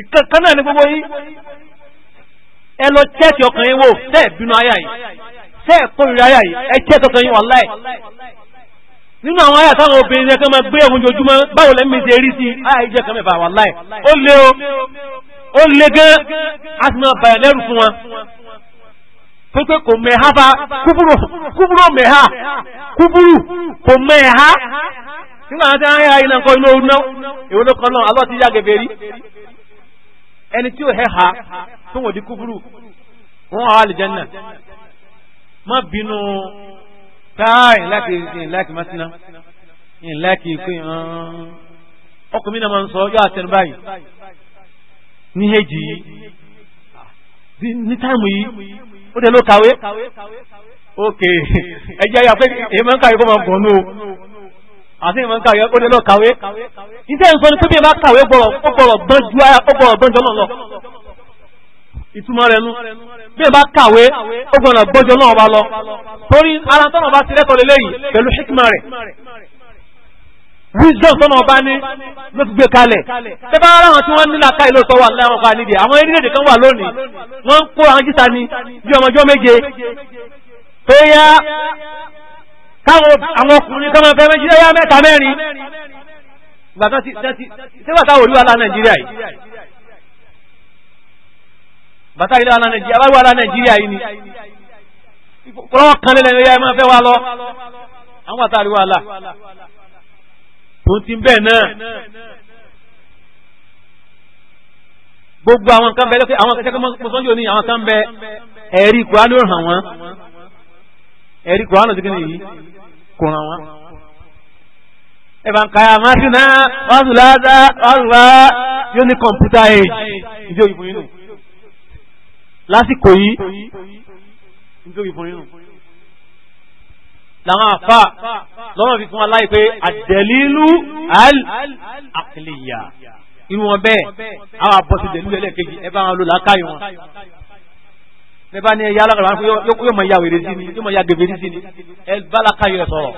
ìkankan náà ni gbogbo yìí ẹ lọ chẹ́ẹ̀tì ọkàn yín wò tẹ́ẹ̀ bínú ayá yìí tẹ́ẹ̀ kórìíra ayá yìí ẹ chẹ́ẹ̀tì ọkàn yín wà láì nínú àwọn àyà táwọn obìnrin ẹ̀kan máa gbé ẹ̀hùn jojúmọ́ báwo lẹ́mí ṣe rí sí àyà ìjẹ́ kan mẹ́fà wà láì ó lé o ó lé gán a ti máa bàyà lẹ́rù fún wọn tó pé kò mẹ́ha bá kúbúrò mẹ́ha kúbúrù kò mẹ́ha nígbà wọn ti rán ayé nǹkan inú oná èwo ló kọ́ náà alọ́ ti yá gẹ̀gẹ̀ rí ẹni tí ò hẹ́ ha tó wọ́n di kúbúrù wọ́n wà wà lè jẹ́ náà má bínú táì láti láti mọ́síná láti pé ọkùnrin náà máa ń sọ yóò àtẹnu báyìí ní èjì yìí ní táìmù yìí ó dẹ̀ ló kàwé ókè ẹjẹ́ ayà pé èèmọ̀ ń kàwé kó máa gbọ̀n ní o àti èèmọ̀ ń kàwé ó dẹ̀ ló kàwé nítorí sọ ni pé bí ẹ bá kàwé gbọ́rọ̀ gbọ́rọ̀ gbọ́n ju ọlọ́lọ́ ìtumọ̀ rẹ̀ nú bí ẹ bá kàwé ó gbọ́nà gbọ́jọ náà bá lọ torí ara tọ́nà bá ti rẹ́tọ̀ lélẹ́yìn pẹ̀lú hikma rẹ̀ wisdom tọ́nà bá ní ló fi gbé kalẹ̀ tẹ́ bá ara wọn tí wọ́n nílà ká ìlú sọ wà láwọn pa nídìí àwọn orílẹ̀-èdè kan wà lónìí wọ́n ń kó àwọn jíta ni bí ọmọjọ́ méje tó yá káwọn àwọn ọkùnrin kan máa fẹ́ méjì yá mẹ́ta mẹ́rin ìgbà tí wọ́n ti tẹ́wà táwọn olúwa lá bàtà ilé ala nàìjíríà ala nàìjíríà yìí ni kọ́lọ́ kan lẹ́nu ẹ̀yà ẹ̀ máa wa lọ àwọn àtàrí là náà gbogbo àwọn kan bẹ lọ́kẹ́ àwọn kẹ́kẹ́ mọ́sánjò ní àwọn kan bẹ ẹ̀rí kùránì ò hàn wọ́n ẹ̀rí kùránì òsìkè nìyí kò hàn wọ́n. ẹ̀fọn kaya máa ti náà wàásù láàdá wàásù wá yóò ní kọ̀ǹpútà age ìdí lásìkò yìí nítorí fún yín làwọn àfà lọ́nà fi fún wa láì pé àdẹ̀lílù àkìlìyà irú wọn bẹ́ẹ̀ àwọn àbọ̀sí dẹ̀lílù ẹlẹ́ẹ̀kejì ẹ bá wọn lò lákàyè wọn ẹ bá ní ẹyà alágbàrá fún yóò mọ ya wèrè sí ni yóò mọ ya gèbèrè sí ni ẹ bá lákàyè rẹ sọ̀rọ̀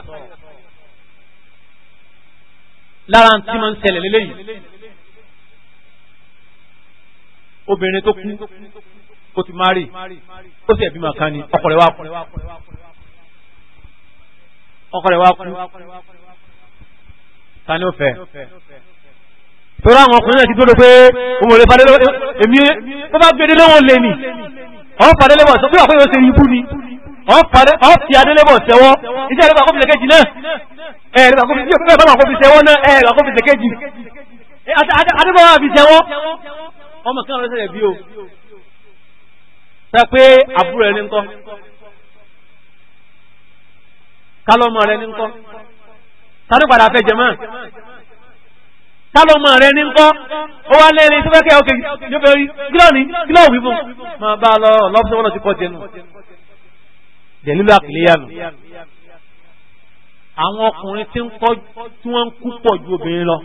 lára tí máa ń ṣẹlẹ̀ lélẹ́yìn obìnrin tó kú ó ti máa rí ó sì ẹ̀bí màkà ni ọkọ rẹ̀ wá kú ọkọ rẹ̀ wá kú ta ni ó fẹ́ tọ́lá àwọn ọkùnrin náà ti dúró pé òun ò lè padà lọ́wọ́ èmi ó bá gbé délẹ́wọ̀n lé ni ọ̀n padà lẹ́wọ̀n sọ pé wà pé yóò ṣe ibú ni ọ̀n fi adélẹ́wọ̀n sẹ́wọ́ iṣẹ́ ẹ̀rọ àkọ́bí lẹ́kẹ́jì náà ẹ̀rọ àkọ́bí sẹ́wọ́ náà ẹ̀rọ àkọ́bí lẹ́kẹ́jì adébọ̀wọ̀ àfi sẹ́wọ́ ọmọ kan lọ́sẹ̀ rẹ̀ bí o sọ pé àbúrò ẹni ńkọ́ kálọ́mọ rẹ ní ńkọ́ sáré padà fẹ́ jẹ mọ́ kálọ́mọ rẹ ní ńkọ́ ó wá lẹ́rin tó fẹ́ kẹ́ ọkẹ́ yóò fẹ́ rí kílọ̀ ní kílọ̀ òbí fún máa bá lọ lọ́pọ̀ wọn ti kọ́ jẹnu jẹ̀lílù àkìlẹ́yàmù àwọn ọkùnrin tí wọ́n ń kú pọ̀ ju obìnrin lọ.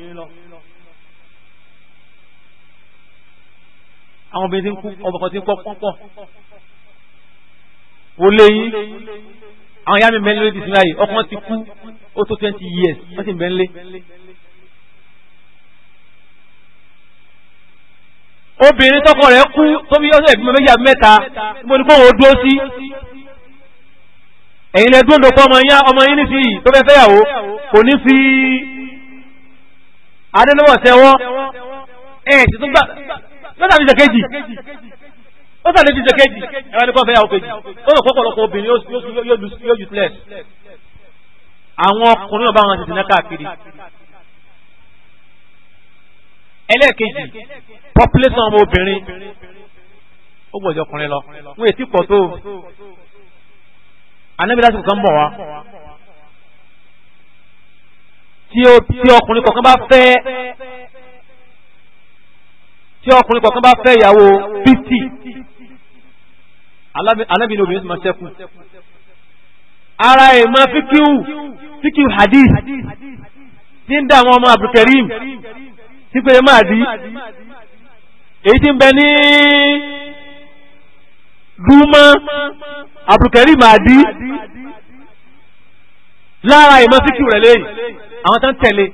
àwọn obìnrin tí ń kú ọmọkàn tí ń pọ̀ pọ̀ kò léyìn àwọn ìyá mi mẹ́lẹ́ lórí ìsinmi ayé ọkàn ti kú ó tó twenty years wọ́n sì ń bẹ́ńlé. obìnrin tọkọ rẹ̀ kú tóbi ọ̀sẹ̀ ìbímọ méjì àbí mẹ́ta mo ní kó wọn dúró sí ẹ̀yin lẹ dúró dòpọ̀ ọmọ yín ọmọ yín nísìnyí tó fẹ́ fẹ́yàwó kò ní fi adélọ́wọ̀ sẹ́wọ́ ẹ̀ ti tún gbà mẹ́ta fi ṣèkejì ó sàlè fi ṣèkejì ẹ̀rọ ní kọ́ fẹ́ ó pọ̀pọ̀lọpọ̀ obìnrin yóò useless àwọn ọkùnrin ọba wọn ti káàkiri ẹlẹ́ẹ̀kejì population ọmọ obìnrin ó gbọ́dọ̀ ọkùnrin lọ wọ́n èsì pọ̀ tó anábìlá sì kàn bọ̀ wá tí ọkùnrin kọ̀ọ̀kan bá fẹ́ tí ọkùnrin kọ̀ọ̀kan bá fẹ́ ìyàwó fifty alábìnrin obìnrin sì máa ṣẹ́kù ara ẹ̀ máa fíkíù fíkíù hadith tí ń dá àwọn ọmọ abdulkareem tí pé máa dí èyí tí ń bẹ ní dúmọ́ abdulkareem máa dí lára ẹ̀ máa fíkíù rẹ̀ lẹ́yìn àwọn tó tẹ̀lé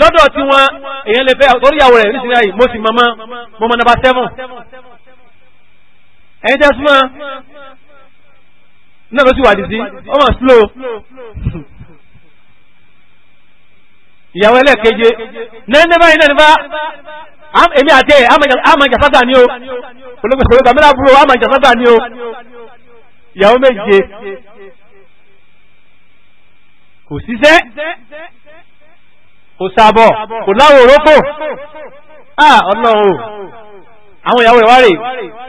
lọ́dọ̀ tí wọ́n èèyàn lè fẹ́ toríyàwó rẹ̀ nísìnyí ayé mo sì mọ̀ mọ́ mọ́ nàbà seven ẹ̀yin tẹ́ súnmọ́ náà ló sì wà dìsí ọmọ slow ìyàwó ẹlẹ́ẹ̀keje nẹ́ẹ̀nẹ́ báyìí náà nípa èmi àti ẹ̀ amàjàsádà ni o olóògbèsè gbàmílà búrò amàjàsádà ni o ìyàwó méje kò síṣẹ́ kò sábọ̀ kò láwọ̀ òrókò ah ọlọ́run àwọn ìyàwó ìwá rè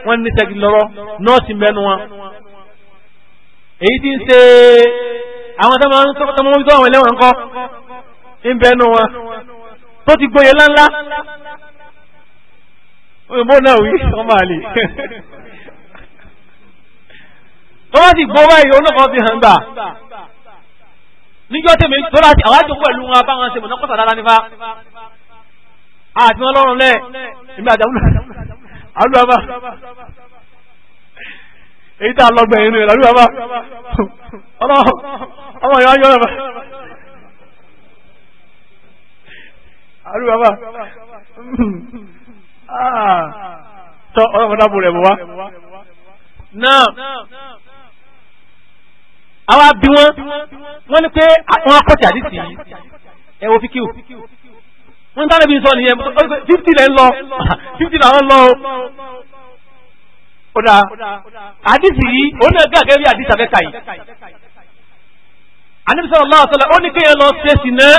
wọ́n ní sẹ́gi lọ́rọ́ nọ́ọ̀sì mẹ́nu wọn èyí tí ń ṣe àwọn tọ́mọ ń tọ́ àwọn ẹlẹ́wọ̀n kọ́ ń bẹnu wọn tó ti gbóyè láńlá òyìnbó náà wí ọmọ àlè tó bá ti gbó báyìí oníkan fi hàn gbà níjọ́ tèmi tó láti àwájú pẹ̀lú wọn bá wọn ṣe mọ̀nà kọ́sà dára nípa àti wọn lọ́rùn lẹ́ ìgbà àjàmúlò àlùbàbà èyí tá a lọ gbẹ̀yìn rẹ̀ àlùbàbà ọmọ ìyá yọ ah. rẹ̀ àlùbàbà tọ́ ọlọ́mọdé àbúrò ẹ̀ bọ̀ wá náà àwa bí wọn wọ́n ní pé àwọn akọ́tì àdìsí yìí ẹ wo fíkíù wọ́n ń dáná bí sọ nìyẹn fifty lẹ́ ń lọ fifty làwọn lọ o. ó dáa àdìsí yìí òun náà gàgẹ́ bí àdìsí abẹ́ka yìí àníbi sọ̀rọ̀ máa sọ̀rọ̀ ó ní kéèyàn lọ ṣe sí náà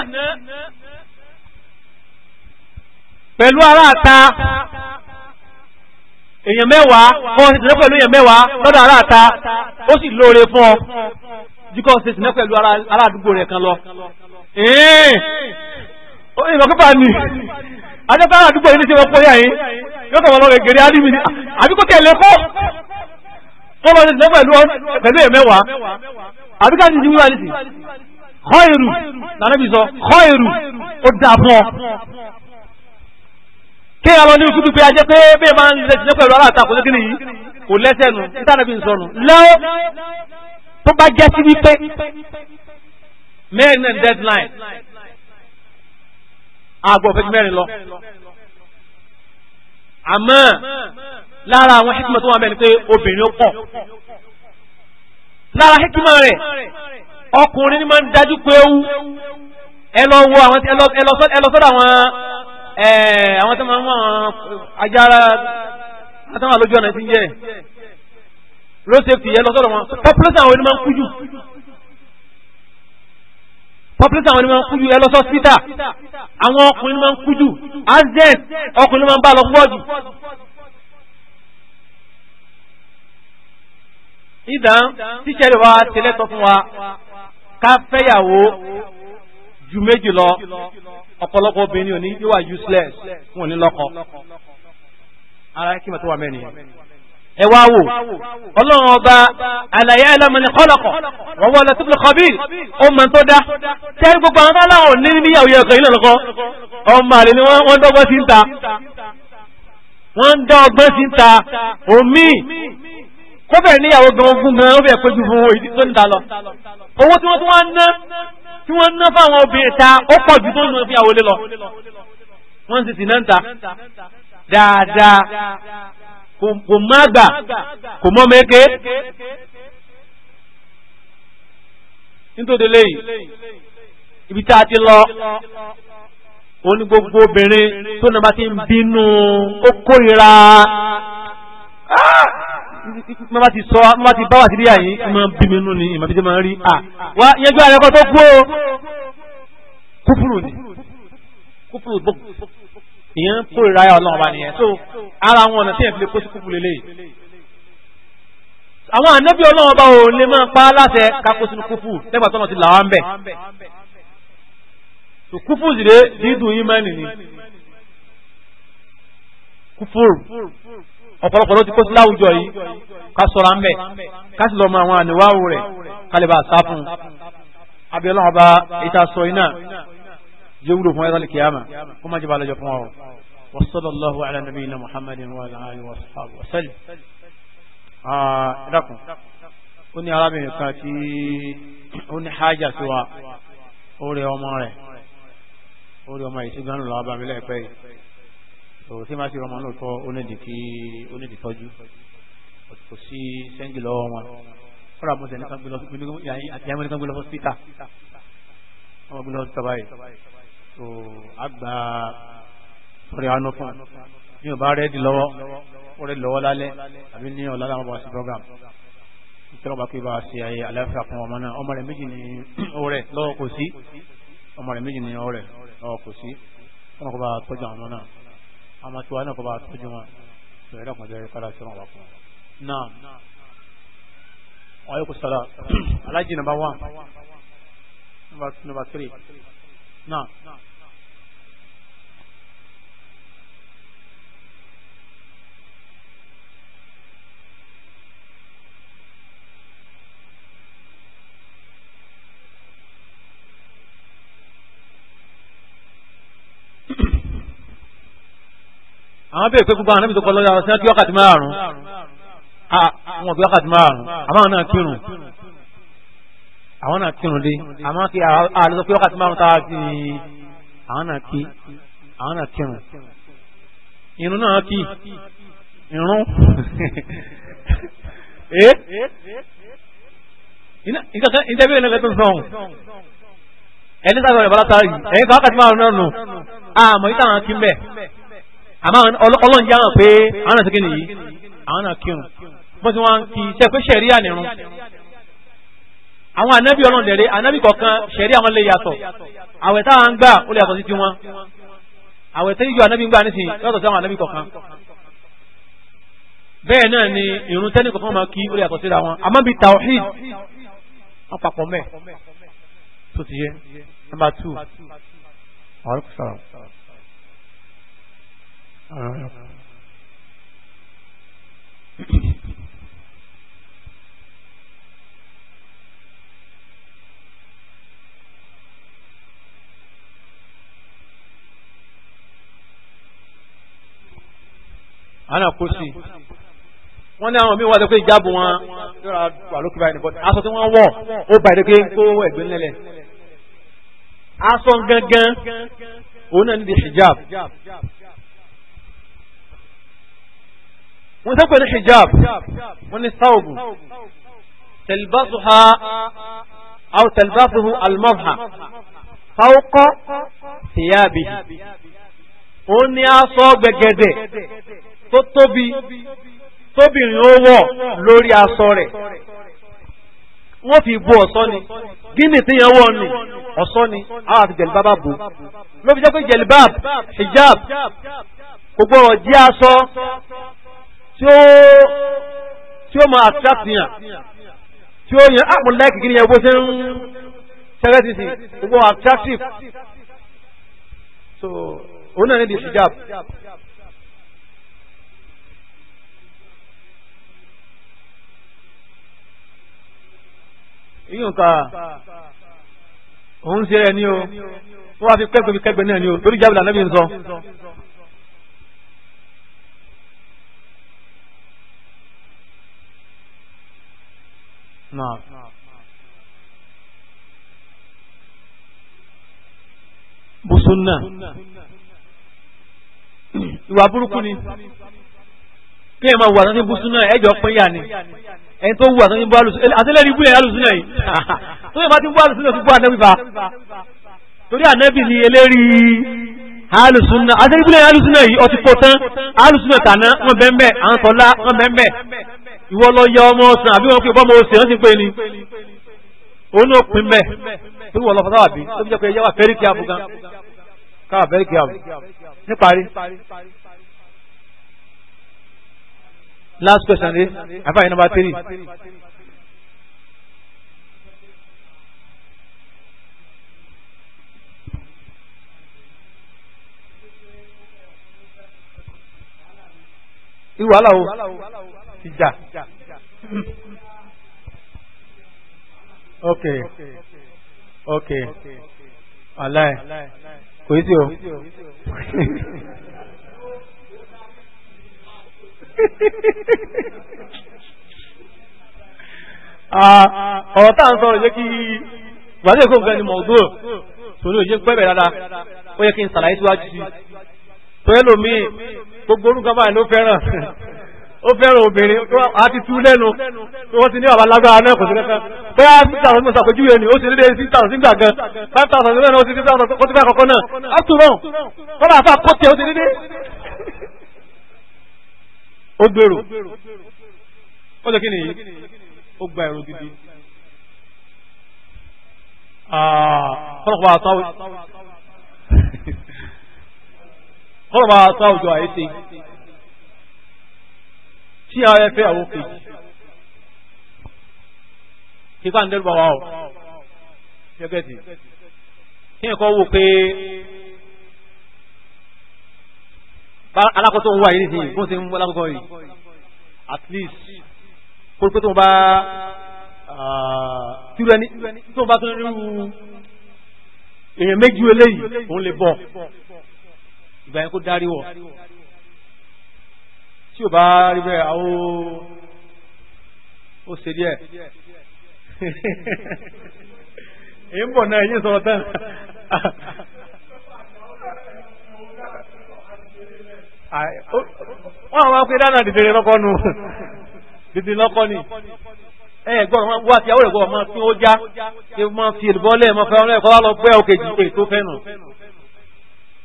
pẹ̀lú aráàta èèyàn mẹ́wàá kọ́ ọ́n ti tẹ̀lé pẹ̀lú èèyàn mẹ́wàá lọ́dọ̀ aráàta ó sì lóore fún ọ jíkọ́ ṣe sìnẹ́ pẹ̀lú aládùúgbò rẹ̀ kan lọ. ìmọ̀ pípa ni adẹ́pẹ́ aládùúgbò yìí ní ṣe wọ́n pọ̀ yà yín yóò kọ̀ wọ́n lọ rẹ̀ gèrè alíbi ni àbí kò tẹ̀lé kọ́ kó lọ ṣe sìnẹ́ pẹ̀lú pẹ̀lú ẹ̀mẹ́wàá àbí ká ti ti wíwá nísì kọ́ èrù lànàbí sọ kọ́ èrù ó dà fún ọ. kí ẹ lọ ní ikú pípé ajẹ́ pé bẹ́ẹ̀ máa ń lẹ́sìn pẹ̀lú aláàtakò lẹ́kìnrin yìí kò lẹ́sẹ̀ nù tó bá jẹ́ sí wípé mẹ́rin náà deadline aago ọ̀fẹ́ mẹ́rin lọ àmọ́ lára àwọn hikima tó wà mẹ́rin pé obìnrin ó pọ̀ lára hikima rẹ̀ ọkùnrin ni máa ń dájú pé ó ẹ lọ wo àwọn ẹ lọ sọ́dọ̀ àwọn àwọn tó máa ń wọ́n ajára àtàwọn àlójú ọ̀nà ti ń jẹ́ road safety yẹn lọ sọ́dọ̀ wọn population àwọn ẹni máa ń kú jù population àwọn ẹni máa ń kú jù ẹ lọ sọ síta àwọn ọkùnrin máa ń kú jù azet ọkùnrin máa ń bá lọ pọ̀ jù. ìdán tíṣẹ́ rẹ̀ wá tẹ́lẹ̀tọ́ fún wa ká fẹ́yàwó ju méjì lọ ọ̀pọ̀lọpọ̀ obìnrin ò ní yóò wà useless fún òní lọ́kọ ara kí mọ̀ tó wà mẹ́rin yẹn ẹwà wò ọlọ́run ọba àlàyé ẹlẹ́mọ̀lẹ́ kọ́lọ̀kọ̀ wọ́n wọ́n lọ sí kọ́bí ọmọ tó dá tẹ́rí gbogbo àwọn aláwọ̀ ní níyàwó ẹ̀kọ́ ilẹ̀ lọ́kọ́ ọmọ àlè ni wọ́n dọ́gbọ́n sí ń ta wọ́n ń dá sí ń ta omi kọ́bẹ̀ níyàwó gan ogun gan ó bẹ̀ péjú fún owó ìdí tó ń ta lọ owó tí wọ́n tún wọ́n ná tí wọ́n ná fáwọn obìnrin ta ó pọ̀ ju tó ń lọ sí àwọlé lọ wọ́n sì sì náà ń ta dáadáa Kumaga, kumomeke, gbà kò mọ́ mẹ́kẹ́ nítorí léyìí ibi tá a ti lọ ó ní gbogbo obìnrin tó náà bá ti ń bínú ó kórìíra má ah! bá ti sọ má bá ti bá wà sí díyà yìí má bímínú ni ìmọ̀ bíjẹ́ máa ń rí à ah! wá yẹjú àrẹ́kọ́ tó kú o kúfùrù ni kúfùrù ìyẹn ń kó ìráyà ọlọ́run bá nìyẹn so ara wọn ọ̀nà tí yẹn fi lè kó sí kúkú lélẹ̀ àwọn ànábì ọlọ́run bá òun lè máa pa láṣẹ kakó sínú kúfù lẹ́gbàá tọ́nà ti là wá ń bẹ̀ so kúfù zìlé dídùn yín mẹ́rin ni kúfù ọ̀pọ̀lọpọ̀ ló ti kó sí láwùjọ yìí ká sọ̀rọ̀ ń bẹ̀ ká sì lọ mọ àwọn àníwáwò rẹ̀ ká lè bá a sá fún un abiola ọba ìta sọ iná yóò wúlò fún ẹ̀rọ kìyàmà kó má jẹ́ bá lọ́jọ́ fún ọ. wa sallallahu ala nabiyina muhammadin wa alihi wa sahbihi wa sallam. ìdàkùn ah, ó ní arábìnrin kan tí ó ní hájà sí wa ó rẹ ọmọ rẹ̀ ó rẹ ọmọ yìí sí gánà lọ́wọ́ bàmí lẹ́ẹ̀pẹ́ yìí tò tí má sí ọmọ náà tọ́ onídìtọ́jú kò sí sẹ́ńgì lọ́wọ́ wọn kọ́ra mọ́tẹ́ ní kan gbé lọ sí àti àmì ní kan gbé lọ sí pítà wọ́n gbé lọ sí tàbáyé so àgbà sọ̀rọ̀ àánú fún ní ọba rẹ́dì lọ́wọ́ ó rẹ́dì lọ́wọ́ lálẹ́ àbí ní ọ̀la láwọn bá ṣe program nítorí ọba pé bá ṣe ayé àlàáfíà fún ọmọ náà ọmọ rẹ̀ méjì ní ọrẹ lọ́wọ́ kò sí ọmọ rẹ̀ méjì ní ọrẹ lọ́wọ́ kò sí ọmọ kò bá tọ́jú àwọn ọmọ náà àmọ́ tiwa náà kò bá tọ́jú wọn sọ̀rọ̀ ẹ̀dá kan jẹ́ kára sí ọmọ fún náà ọ̀yọ́kùsọ̀rọ̀ alájì nàbà 1 nàbà 3 náà. àwọn bèèrè pé gbogbo àwọn ẹ̀mí tó kọ lọ́yà ọ̀sán kí wákàtí márùn-ún àwọn ah, bí wákàtí márùn-ún àwọn náà kírun àwọn náà kírun dé àmọ́ kí àlọ́ pé wákàtí márùn táwa sí i àwọn náà kí àwọn náà kírun irun náà kí irun ee ìtẹ́bí ìlú ẹgbẹ́ tó ń sọ̀hún ẹni sábà rẹ̀ bọ́lá táwa yìí ẹni tó wákàtí márùn náà nù àmọ́ ìta àwọn kí ń bẹ̀ àmọ́ ọlọ́run jẹ́ àwọn pé àwọn náà ti kí nìyí àwọn náà kírun bó ti wọ́n ń kí iṣẹ́ pé nìrun àwọn ànábì ọlọ́run dẹ̀rẹ́ ànábì kọ̀ọ̀kan ṣẹ̀rí àwọn lè yàtọ̀ àwẹ̀ táwa ń gbà ó lè yàtọ̀ sí ti wọn àwẹ̀ tẹ́lẹ̀ ju ànábì ń gbà nísìnyí yàtọ̀ sí àwọn ànábì kọ̀ọ̀kan bẹ́ẹ̀ náà ni ìrun tẹ́lẹ̀ kọ̀ọ̀kan máa kí ó lè yàtọ̀ síra wọn àmọ́ bíi tawhid wọn papọ̀ mẹ́ tó ti yẹ nọ́mbà two ọ̀rẹ́ kò sọ̀rọ̀ ọ̀rẹ́ kò àná kó sí wọ́n ní àwọn míì wá sọ pé ìjábọ̀ wọn yọ̀rọ̀ wà lókè báyìí nìkan aṣọ tí wọ́n wọ̀ ó bá ìdókè kó ẹ̀gbẹ́ nílẹ̀ aṣọ gangan òun náà níbi hijab wọ́n sọ pé ní hijab wọ́n ní sáwùbù tẹ̀lbáṣuha aw tẹ̀lbáṣuhu almọ́fà fáwọ́kọ́ tìyàbì òun ní aṣọ gbẹgẹdẹ tó tóbi tóbìnrin ó wọ̀ lórí aṣọ rẹ̀ wọ́n fi bo ọ̀ṣọ́ ni gíní tí yẹn wọ̀ ni ọ̀ṣọ́ ni àwọn àti jẹ̀lìbábà bò ló fi jẹ́ pé jẹ̀lìbáb hijab kò gbọ́dọ̀ jẹ́ aṣọ tí ó tí ó máa attract yàn tí ó yàn ápò lẹ́ẹ̀kì gíní yẹn bó ṣe ń ṣẹlẹ̀ títì gbogbo attractive so òun náà ní di hijab yíyùn ká òun ṣe rẹ̀ o wọ́n wá fi kẹ́gbẹ́ fi kẹ́gbẹ́ náà ní o torí jábìlà náà fi ń sọ. busunna ìwà burúkú ni kí ẹ máa wà ní busunna ẹjọ pínyà ni ẹni tó wù àtọ́jú bú alùsùn àtẹ́lẹ́ ní búlẹ̀ alùsùn náà yìí tó yẹ bá ti bú alùsùn náà ti bú ànábì fa torí ànábì ni eléri alùsùn náà àtẹ́lẹ́ búlẹ̀ alùsùn náà yìí ọtí kò tán alùsùn náà tàná wọn bẹ́ẹ̀ àwọn tọ́lá wọn bẹ́ẹ̀ ìwọ lọ yẹ ọmọ ọsàn àbí wọn kò bọ́ ọmọ ọsẹ wọn ti pè ní òun ò pin bẹ́ẹ̀ torí wọn lọ fọdá wà bí tó fi jẹ́ pé yẹ wà fẹ́rí kí a bù gan káwà fẹ́rí kí a bù níparí last question re àfààní number three. irú wàhálà o ìjà ok ok aláì kò í sí o. ọ̀rọ̀ tá à ń sọ̀rọ̀ yẹ kí gbàdé kó nǹkan ni mọ̀ gbò sòrí òye pẹ́bẹ̀ rárá ó yẹ kí n sàlàyé síwájú sí tọ́yẹ́ lómi gbogbo orúkọ báyìí ló fẹ́ràn ó fẹ́ràn obìnrin a ti tú lẹ́nu wọ́n ti ní ọ̀bá lágbára náà kò sí kẹ́kẹ́ bóyá six thousand mọ̀ sàpèjúwe ni ó sì léde six thousand nígbà gan five thousand mẹ́rin ó sì ó ti fẹ́ kọ́kọ́ náà á tù rọ̀ kọ́lá ó gbèrò ó lè kí ni ó gba ẹ̀rọ gidi kọ́lọ̀pàá àtàwùjọ àyíṣe tí a fẹ́ àwọn kejì kíkà ń dẹ́rù bàwá ọ̀ gẹ́gẹ́ kí ẹ̀kọ́ wò pé alákọ̀tọ̀ ń wá yìí nìsín kó ṣe ń wọ́n lákọ̀ọ́ yìí at least kórópé tó ń bá tìrú ah, ẹni tó ń bá tó ń rú èèyàn méjì eléyìí òun lè bọ̀ ìgbà yẹn kó dárí wọ̀ tí ò bá rí bẹ́ẹ̀ àwọn ó ṣe díẹ̀ èyí ń bọ̀ náà èyí sọ̀rọ̀ tán wọ́n máa ń pè dáná dìdìrín lọ́kọ́ nu dìdìrín lọ́kọ́ ni ẹ gbọ́n wá ti àwọn ẹ̀gbọ́n máa tún ó já kí wọ́n máa fi ìbọ́lẹ̀ máa fẹ́ ọ̀rọ̀ ẹ̀kọ́ wá lọ gbẹ́ òkè jìpe tó fẹ́ nù.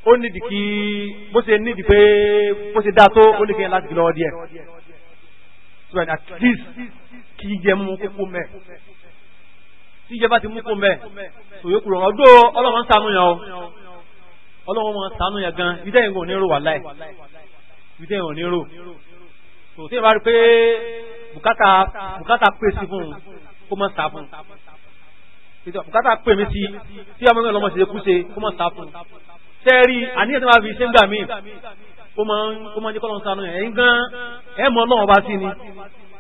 ó nídìí kí bó ṣe nídìí pé bó ṣe dá tó ó lè kí ẹ láti gbé lọ́wọ́ díẹ̀. so at least kí jẹ mú kókó mẹ́ tí ìjẹba ti mú kó mẹ́ sòyókù rọrùn ọdún ọlọ́run ń yẹn o ọlọ́run ń ṣàánú yẹn gan ìdẹ́yìn kò ní rò wà láì ibi tẹ́ ìwọ̀n nírò tó tí ì bá rí pé bùkátà bùkátà pè sí fún un kó mọ̀ sá fún un bùkátà pè mí sí tí ọmọ ìlọmọ ṣe kú ṣe kó mọ̀ sá fún un tẹ́rí àníyàn tí wọ́n fi ṣe ń gbà mí ó máa ń jẹ́ kọ́lọ́n sánú ẹ̀ ń gan ẹ̀ mọ́ ọlọ́run bá sí ni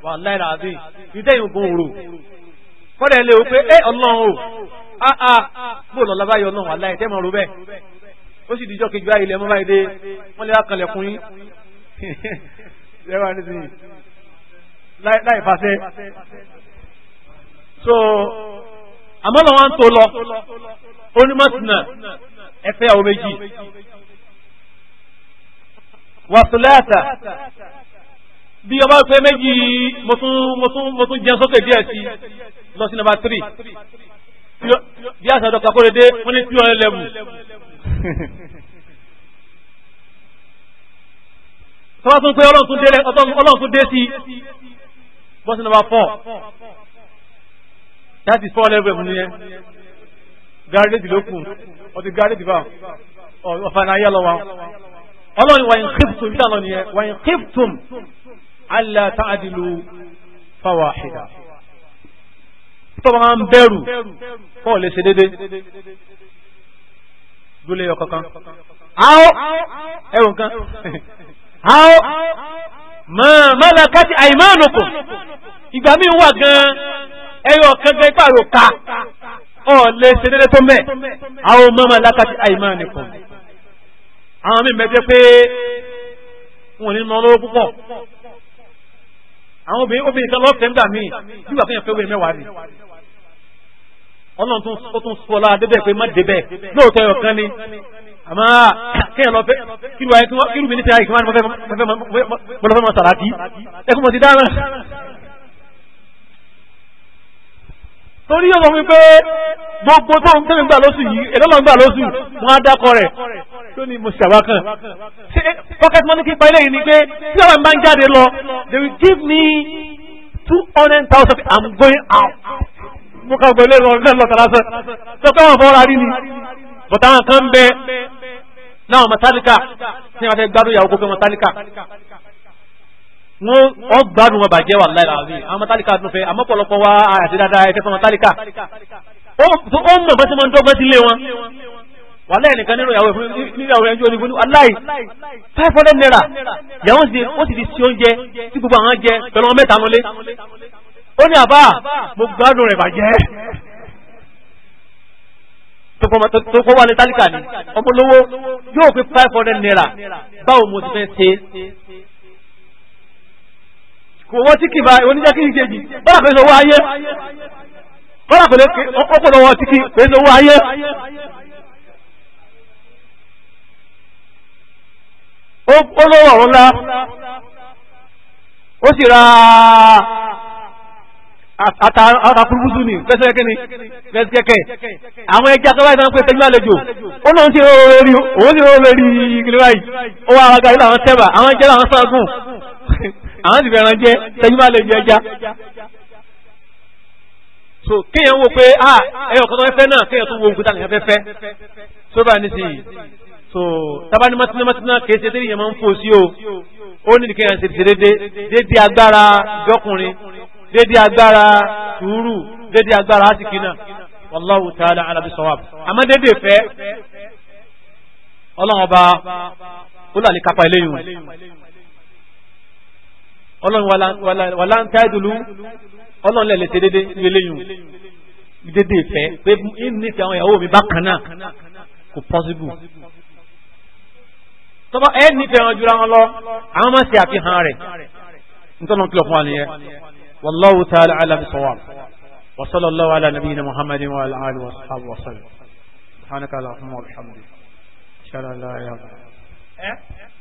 wà láìra àbí ìtẹ́ ìgbọ̀n òrò kọ́dẹ̀ lè wípé ẹ ọlọ́run o áá ah, ah. bóòlù ọlábáyọ ọlọ́run aláìtẹ́ mọ̀ rú bẹ́ẹ̀ ó sì dijọ́ kejì báyìí lẹ́mọ́ báyìí dé wọ́n lè wá kanlẹ̀kùn yín lẹ́wà nísìnyí láì fàṣẹ. so àmọ́ lọ́wọ́ ń tó lọ onímọ̀tìnà ẹ̀fẹ́ àwọn méjì wàsùlẹ́àtà bí ọba pé méjì mo tún jẹun sókè díẹ̀ sí lọ sí nọ́mbà tírì bí àṣà ọ̀dọ̀ kakó dédé wọ́n ní tí wọ́n lẹ́bù. tọ́wọ́ tún pé ọlọ́run tún dé sí bọ́sí number four that is four level ẹ̀fún nìyẹn gàrẹ́dì ló kù ọtí gàrẹ́dì bá ọ̀fààní ayé lọ́wọ́ ọlọ́run wà ń kíptùm bí sàlọ́ nìyẹn wà ń kíptùm alla ta'dilu fawahida tó bá ń bẹ̀rù kọ́ lè ṣe déédéé dúlé ọkọ̀ kan. àwọn ẹ̀wọ̀n kan àwọn mọ́lákàtí àìmọ́nùkù ìgbà mí wà gan ẹyọ kankan ipá rò ká ọ lè ṣe dédé tó mẹ́ àwọn mọ́lákàtí àìmọ́nùkù àwọn mí mẹ́tẹ́ pé wọn ní mọ́ lọ́wọ́ púpọ̀ àwọn obìnrin kan lọ́fẹ̀ẹ́ ńgbà mí nígbà fún yẹn fẹ́ wé mẹ́wàá ni ọlọ́run tó tún sọ́lá débẹ̀ pé má débẹ̀ lóòótọ́ ẹ̀yọ̀ kan ni àmá kẹ́yìn lọ fẹ́ kírù ayé tí wọ́n kírù mi ní tẹ́yà ìkọ́mọ́ mọ́lọ́fẹ́ mọ́ sàràtì ẹkùn mọ́ ti dáná torí yóò sọ fún mi pé gbogbo tó ń tẹ́mi gbà lóṣù yìí èlọ́lọ́ gbà lóṣù wọn á dákọ rẹ̀ tó ní mo ṣàwá kan ṣe pocket money kípa ilé yìí ni pé tí àwọn ìbá ń jáde lọ they will give me two hundred thousand i'm going out mo kà gbọ́ ilé lọ lọ́tà lásán tó kọ́ wọn fọwọ́ rárí ni bọ̀tá àwọn kan bẹ láwọn mọ̀tálíkà tí wọ́n fẹ́ gbádùn ìyàwó kó fẹ́ mọ̀tálíkà wọn ọ gbádùn wọn bàjẹ́ wà láìláà rí àwọn mọ̀tálíkà dùn fẹ́ àmọ́ pọ̀lọpọ̀ wá àti dáadáa ẹ̀fẹ́ fún mọ̀tálíkà ó mọ̀ bẹ́sẹ̀ máa ń dọ́gbẹ́ sí ilé wọn wà lẹ́yìn nìkan nínú ìyàwó ẹ̀fún níyàwó ẹjọ́ ní gbóni aláì five hundred naira ìyàwó ó sì ti sí oúnjẹ tí gbogbo àwọn jẹ pẹ̀lú wọn mẹ́ta lọlé ó ní àbá mo gbádùn rẹ̀ bàjẹ́ tó kó wà tálíkà ni ọmọ olówó yóò fi five hundred naira báwo mo ti fẹ́ ṣe kò wọ́n tí kì bá oníjẹ́ kí n ṣe jì bọ́lá pẹ̀lú owó ayé bọ́lá pẹ̀lú ọpọlọ wọn tí kì pẹ̀lú owó ayé. ó lówó ọ̀rọ̀ ńlá ó sì ra àtàkùrùbùsù ni lẹ́sẹ̀ kẹ́ni lẹ́sẹ̀ kẹ́kẹ́ àwọn ẹja tó báyìí sáńpẹ́ tẹ́jú àlejò ó náà ti rọrọ lórí òun ti rọrọ lórí ìgbìlẹ̀ báyìí ó wà àwọn gàrí làwọn tẹ́bà àwọn jẹ́ làwọn sáàgùn àwọn ti fẹ́ràn jẹ́ tẹ́jú àlejò ẹja so kéèyàn wò pé ah ẹyọ kan tó fẹ́ náà kéèyàn tó wo òkúta nìkan fẹ́ fẹ́ so bá ní sí so tabani matina matina kèé ṣe tẹ́lẹ̀ yẹn máa ń fò sí o ó ní kéèyàn ṣe déédéé dédé agbára sùúrù dédé agbára àsìkí náà wallahu ta'ala alabi sawab àmọ́ dédé fẹ́ ọlọ́run ọba ó kápá eléyìí ọlọ́run wàlá ń táìdùlú ọlọ́run lẹ̀ lè ṣe dédé ní eléyìí dédé fẹ́ pé nífẹ̀ẹ́ àwọn ìyàwó mi bá kan náà kò pọ́sibù tọ́ba ẹ̀ nífẹ̀ẹ́ wọn jura wọn lọ àwọn máa ṣe àfihàn rẹ̀ nítorí wọn kìlọ̀ fún والله تعالى على بصواب وصلى الله على نبينا محمد وعلى آله وصحبه وسلم سبحانك اللهم وبحمدك اشهد ان لا اله الا انت إيه؟